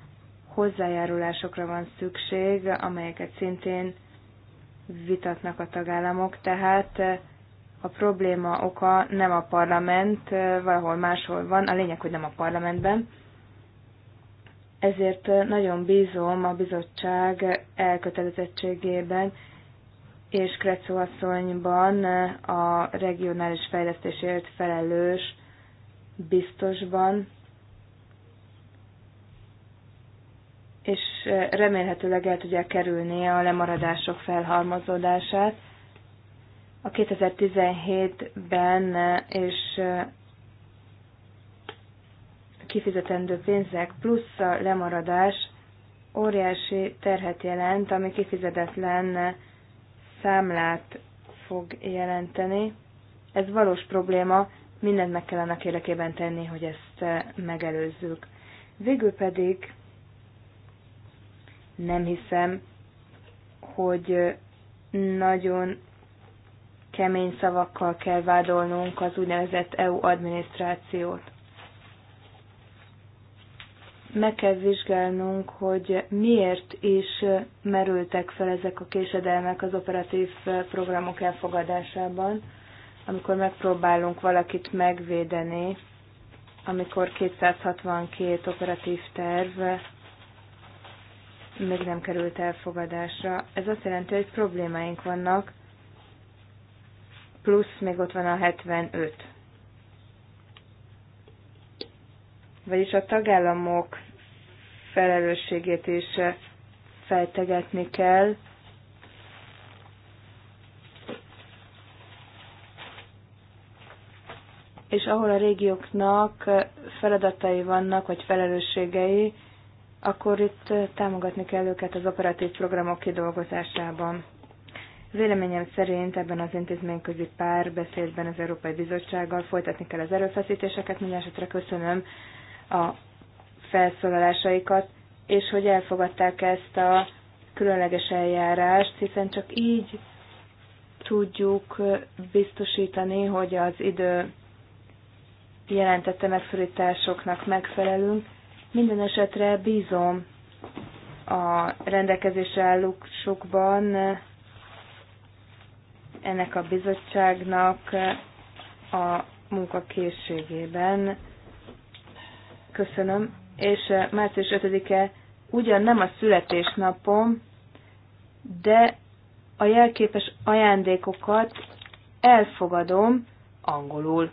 B: hozzájárulásokra van szükség, amelyeket szintén vitatnak a tagállamok, tehát a probléma oka nem a parlament, valahol máshol van, a lényeg, hogy nem a parlamentben. Ezért nagyon bízom a bizottság elkötelezettségében és Kretszó asszonyban a regionális fejlesztésért felelős biztosban, és remélhetőleg el tudják kerülni a lemaradások felhalmozódását a 2017-ben és kifizetendő pénzek plusz a lemaradás óriási terhet jelent, ami kifizetetlen számlát fog jelenteni. Ez valós probléma, mindent meg kell annak érdekében tenni, hogy ezt megelőzzük. Végül pedig nem hiszem, hogy nagyon kemény szavakkal kell vádolnunk az úgynevezett EU adminisztrációt. Meg kell vizsgálnunk, hogy miért is merültek fel ezek a késedelmek az operatív programok elfogadásában, amikor megpróbálunk valakit megvédeni, amikor 262 operatív terv még nem került elfogadásra. Ez azt jelenti, hogy problémáink vannak, plusz még ott van a 75. Vagyis a tagállamok felelősségét is feltegetni kell. És ahol a régióknak feladatai vannak, vagy felelősségei, akkor itt támogatni kell őket az operatív programok kidolgozásában. Véleményem szerint ebben az intézményközi párbeszédben az Európai Bizottsággal folytatni kell az erőfeszítéseket. Mindenesetre köszönöm a felszólalásaikat, és hogy elfogadták ezt a különleges eljárást, hiszen csak így tudjuk biztosítani, hogy az idő jelentette megszorításoknak megfelelünk. Minden esetre bízom a rendelkezésre sokban ennek a bizottságnak a munkakészségében. Köszönöm. És eh, március 5-e ugyan nem a születésnapom, de a jelképes ajándékokat elfogadom angolul.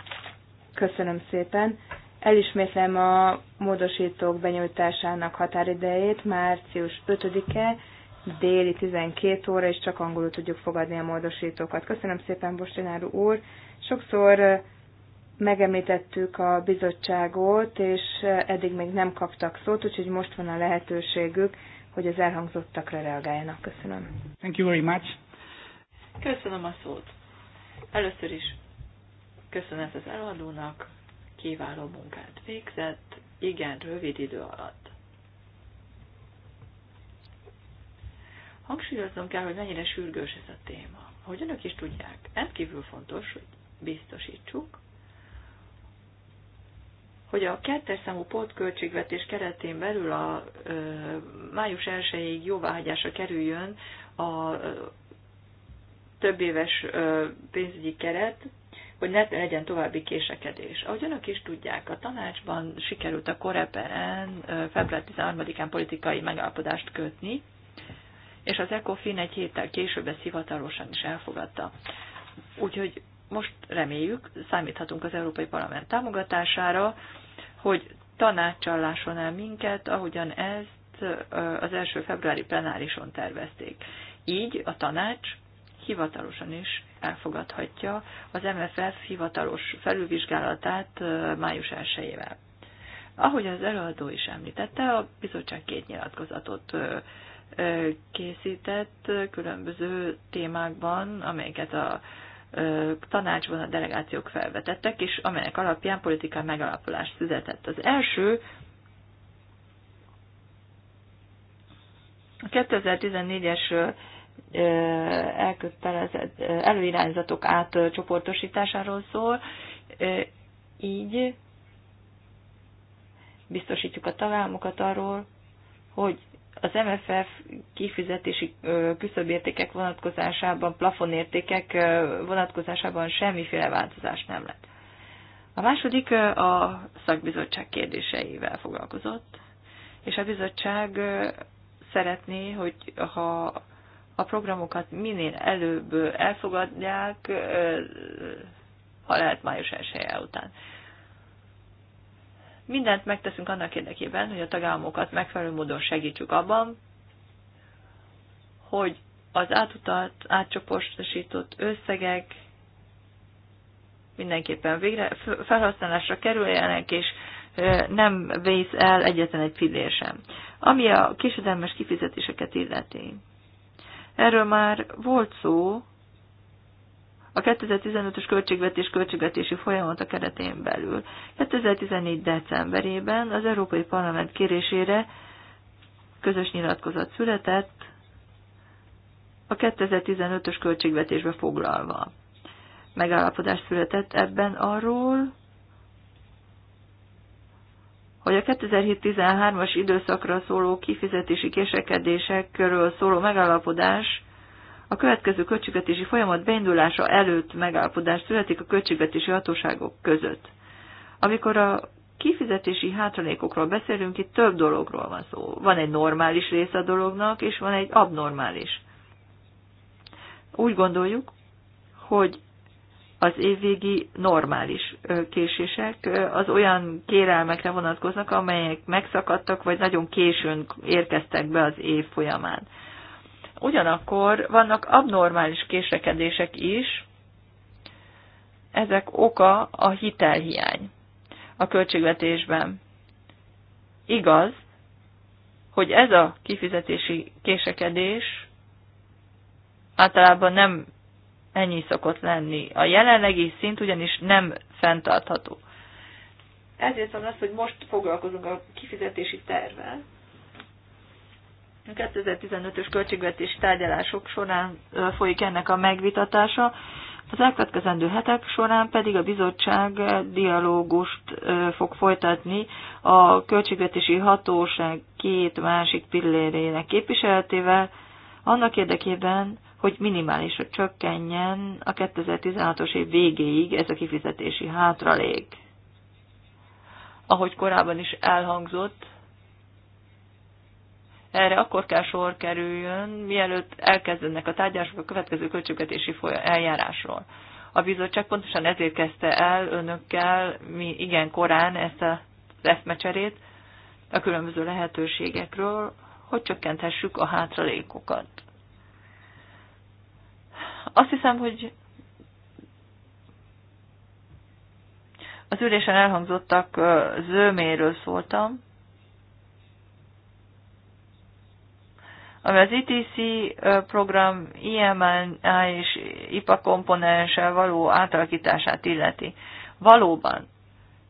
B: Köszönöm szépen. Elismétlem a módosítók benyújtásának határidejét, március 5-e déli 12 óra, és csak angolul tudjuk fogadni a módosítókat. Köszönöm szépen, Bostinár úr. Sokszor megemlítettük a bizottságot, és eddig még nem kaptak szót, úgyhogy most van a lehetőségük, hogy az elhangzottakra reagáljanak.
A: Köszönöm. Thank
B: you very much.
E: Köszönöm a szót. Először is köszönet az előadónak, kiváló munkát végzett, igen rövid idő alatt. Hangsúlyoznom kell, hogy mennyire sürgős ez a téma. Ahogy önök is tudják, rendkívül fontos, hogy biztosítsuk, hogy a kettes számú pótköltségvetés keretén belül a ö, május 1-ig jóváhagyásra kerüljön a ö, több éves ö, pénzügyi keret, hogy ne legyen további késekedés. Ahogy önök is tudják, a tanácsban sikerült a Koreperen február 13-án politikai megállapodást kötni, és az ECOFIN egy héttel később ezt hivatalosan is elfogadta. Úgyhogy most reméljük, számíthatunk az Európai Parlament támogatására, hogy tanácsalláson el minket, ahogyan ezt az első februári plenárison tervezték. Így a tanács hivatalosan is elfogadhatja az MFF hivatalos felülvizsgálatát május 1-ével. Ahogy az előadó is említette, a bizottság két nyilatkozatot készített különböző témákban, amelyeket a tanácsban a delegációk felvetettek, és amelyek alapján politikai megalapulás született. Az első a 2014-es elkötelezett előirányzatok átcsoportosításáról szól, így biztosítjuk a tagállamokat arról, hogy az MFF kifizetési küszöbértékek vonatkozásában, plafonértékek vonatkozásában semmiféle változás nem lett. A második a szakbizottság kérdéseivel foglalkozott, és a bizottság szeretné, hogy ha a programokat minél előbb elfogadják, ha lehet május 1 után mindent megteszünk annak érdekében, hogy a tagállamokat megfelelő módon segítsük abban, hogy az átutalt, átcsoportosított összegek mindenképpen végre felhasználásra kerüljenek, és nem vész el egyetlen egy fillér sem. Ami a késedelmes kifizetéseket illeti. Erről már volt szó a 2015-ös költségvetés költségvetési folyamata keretén belül. 2014. decemberében az Európai Parlament kérésére közös nyilatkozat született a 2015-ös költségvetésbe foglalva. Megállapodás született ebben arról, hogy a 2007-13-as időszakra szóló kifizetési késekedések körül szóló megállapodás a következő költségvetési folyamat beindulása előtt megállapodás születik a költségvetési hatóságok között. Amikor a kifizetési hátralékokról beszélünk, itt több dologról van szó. Van egy normális része a dolognak, és van egy abnormális. Úgy gondoljuk, hogy az évvégi normális késések az olyan kérelmekre vonatkoznak, amelyek megszakadtak, vagy nagyon későn érkeztek be az év folyamán. Ugyanakkor vannak abnormális késekedések is, ezek oka a hitelhiány a költségvetésben. Igaz, hogy ez a kifizetési késekedés általában nem ennyi szokott lenni. A jelenlegi szint ugyanis nem fenntartható. Ezért van az, hogy most foglalkozunk a kifizetési tervvel, a 2015-ös költségvetés tárgyalások során folyik ennek a megvitatása, az elkövetkezendő hetek során pedig a bizottság dialógust fog folytatni a költségvetési hatóság két másik pillérének képviseletével, annak érdekében, hogy minimálisra csökkenjen a 2016-os év végéig ez a kifizetési hátralék. Ahogy korábban is elhangzott, erre akkor kell sor kerüljön, mielőtt elkezdenek a tárgyalások a következő költségvetési eljárásról. A bizottság pontosan ezért kezdte el önökkel, mi igen korán ezt az eszmecserét a különböző lehetőségekről, hogy csökkenthessük a hátralékokat. Azt hiszem, hogy az ülésen elhangzottak zöméről szóltam, ami az ITC program IMNA és IPA komponense való átalakítását illeti. Valóban,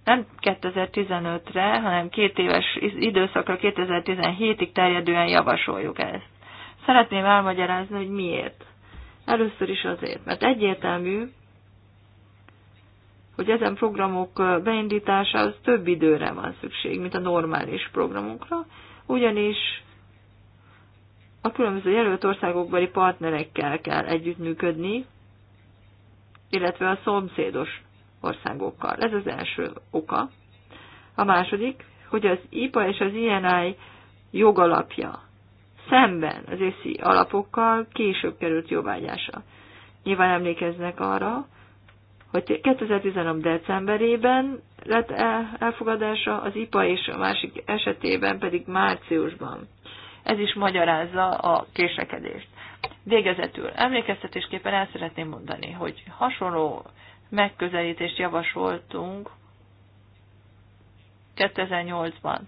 E: nem 2015-re, hanem két éves időszakra 2017-ig terjedően javasoljuk ezt. Szeretném elmagyarázni, hogy miért. Először is azért, mert egyértelmű, hogy ezen programok beindításához több időre van szükség, mint a normális programokra, ugyanis a különböző jelölt országokbeli partnerekkel kell együttműködni, illetve a szomszédos országokkal. Ez az első oka. A második, hogy az IPA és az INI jogalapja szemben az észi alapokkal később került jobbágyása. Nyilván emlékeznek arra, hogy 2013. decemberében lett elfogadása, az IPA és a másik esetében pedig márciusban. Ez is magyarázza a késekedést. Végezetül emlékeztetésképpen el szeretném mondani, hogy hasonló megközelítést javasoltunk 2008-ban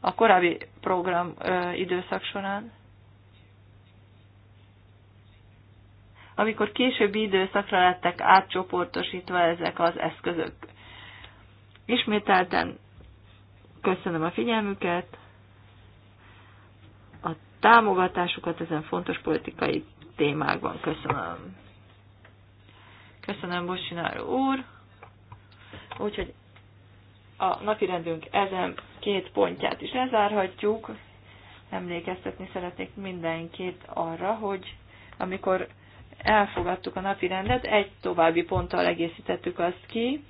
E: a korábbi program ö, időszak során, amikor későbbi időszakra lettek átcsoportosítva ezek az eszközök. Ismételten köszönöm a figyelmüket, támogatásukat ezen fontos politikai témákban. Köszönöm. Köszönöm, Bocsinár úr. Úgyhogy a napirendünk ezen két pontját is lezárhatjuk. Emlékeztetni szeretnék mindenkit arra, hogy amikor elfogadtuk a napirendet, egy további ponttal egészítettük azt ki.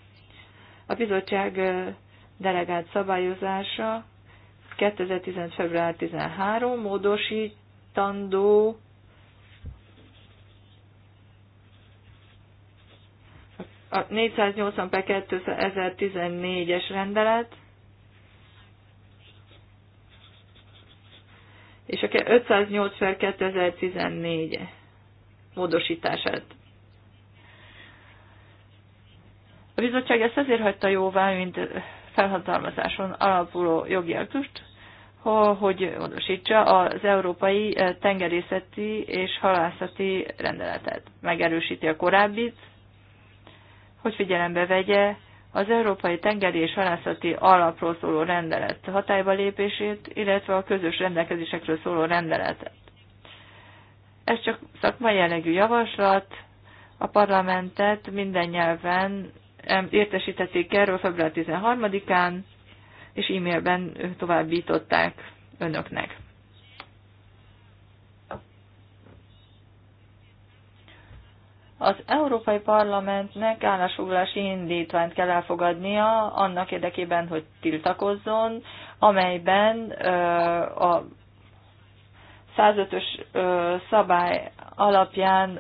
E: A bizottság delegált szabályozása 2015. február 13 módosítandó a 480 per 2014-es rendelet, és a 508 per 2014 módosítását. A bizottság ezt azért hagyta jóvá, mint felhatalmazáson alapuló jogi hogy módosítsa az európai eh, tengerészeti és halászati rendeletet. Megerősíti a korábbit, hogy figyelembe vegye az Európai Tengeri és Halászati Alapról szóló rendelet hatályba lépését, illetve a közös rendelkezésekről szóló rendeletet. Ez csak szakmai jellegű javaslat, a parlamentet minden nyelven értesítették erről február 13-án, és e-mailben továbbították önöknek. Az Európai Parlamentnek állásfoglalási indítványt kell elfogadnia annak érdekében, hogy tiltakozzon, amelyben a 105-ös szabály alapján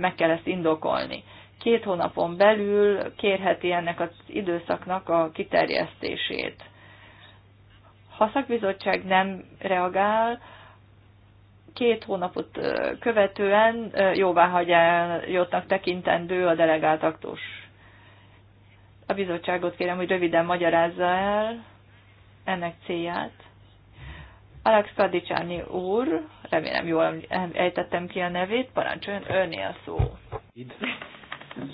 E: meg kell ezt indokolni két hónapon belül kérheti ennek az időszaknak a kiterjesztését. Ha a szakbizottság nem reagál, két hónapot követően jóváhagyájottnak tekintendő a delegált aktus. A bizottságot kérem, hogy röviden magyarázza el ennek célját. Alex Kadicsáni úr, remélem jól ejtettem ki a nevét, parancsoljon önnél a szó.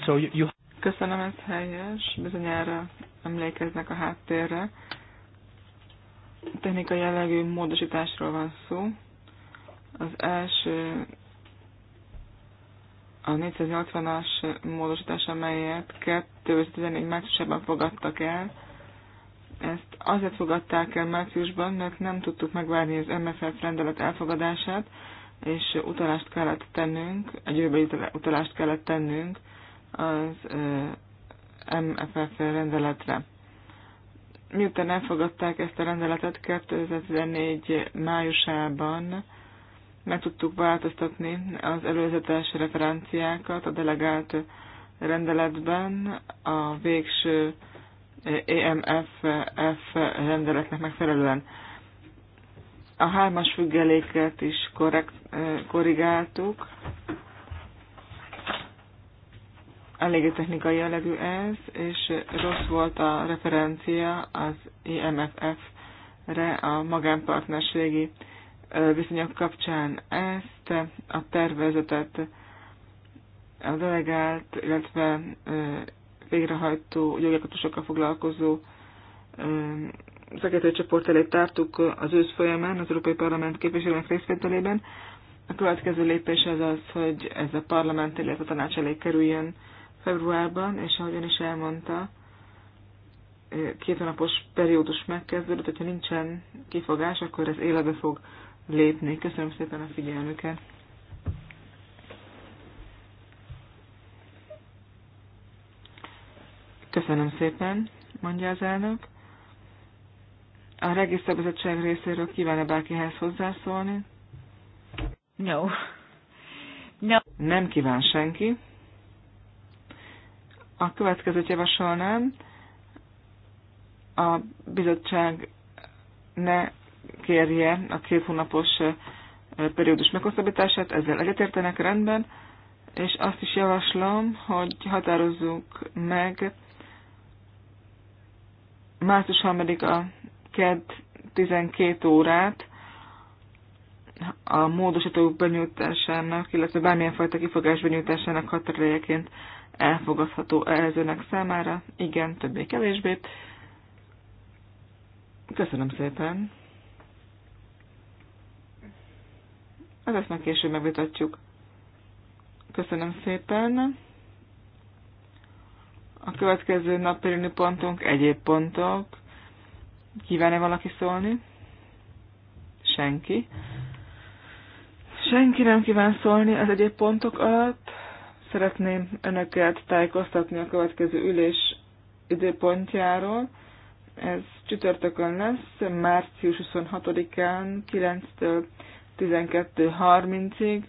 D: So you, you...
C: Köszönöm, ez helyes. Bizonyára emlékeznek a háttérre. Technika jellegű módosításról van szó. Az első a 480-as módosítás, amelyet 2014 márciusában fogadtak el. Ezt azért fogadták el márciusban, mert nem tudtuk megvárni az MFF rendelet elfogadását, és utalást kellett tennünk, egy jövőbeli utalást kellett tennünk az MFF rendeletre. Miután elfogadták ezt a rendeletet 2014 májusában, meg tudtuk változtatni az előzetes referenciákat a delegált rendeletben a végső EMFF rendeletnek megfelelően. A hármas függeléket is korrekt, korrigáltuk, eléggé technikai jellegű ez, és rossz volt a referencia az IMFF-re a magánpartnerségi viszonyok kapcsán. Ezt a tervezetet a delegált, illetve végrehajtó jogalkotásokkal foglalkozó szakértő csoport elé tártuk az ősz folyamán az Európai Parlament képviselőnek részvételében. A következő lépés az az, hogy ez a parlament, illetve a tanács elé kerüljön februárban, és ahogyan is elmondta, két napos periódus megkezdődött, hogyha nincsen kifogás, akkor ez életbe fog lépni. Köszönöm szépen a figyelmüket! Köszönöm szépen, mondja az elnök. A regiszterbizottság részéről kíván-e bárkihez hozzászólni? No. no. Nem kíván senki a következőt javasolnám. A bizottság ne kérje a két hónapos periódus meghosszabbítását, ezzel egyetértenek rendben, és azt is javaslom, hogy határozzuk meg március 3-a KED 12 órát a módosítók benyújtásának, illetve bármilyen fajta kifogás benyújtásának határidejeként elfogadható ez önök számára? Igen, többé-kevésbé. Köszönöm szépen. Az ezt meg később megvitatjuk. Köszönöm szépen. A következő napperülni pontunk egyéb pontok. Kíván-e valaki szólni? Senki. Senki nem kíván szólni az egyéb pontok alatt. Szeretném önöket tájékoztatni a következő ülés időpontjáról. Ez csütörtökön lesz, március 26-án 9-től 12.30-ig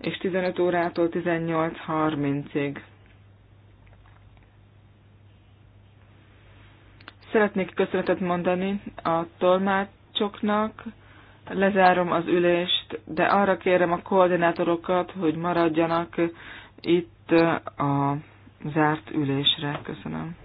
C: és 15 órától 18.30-ig. Szeretnék köszönetet mondani a tolmácsoknak, lezárom az ülést, de arra kérem a koordinátorokat, hogy maradjanak itt a zárt ülésre. Köszönöm.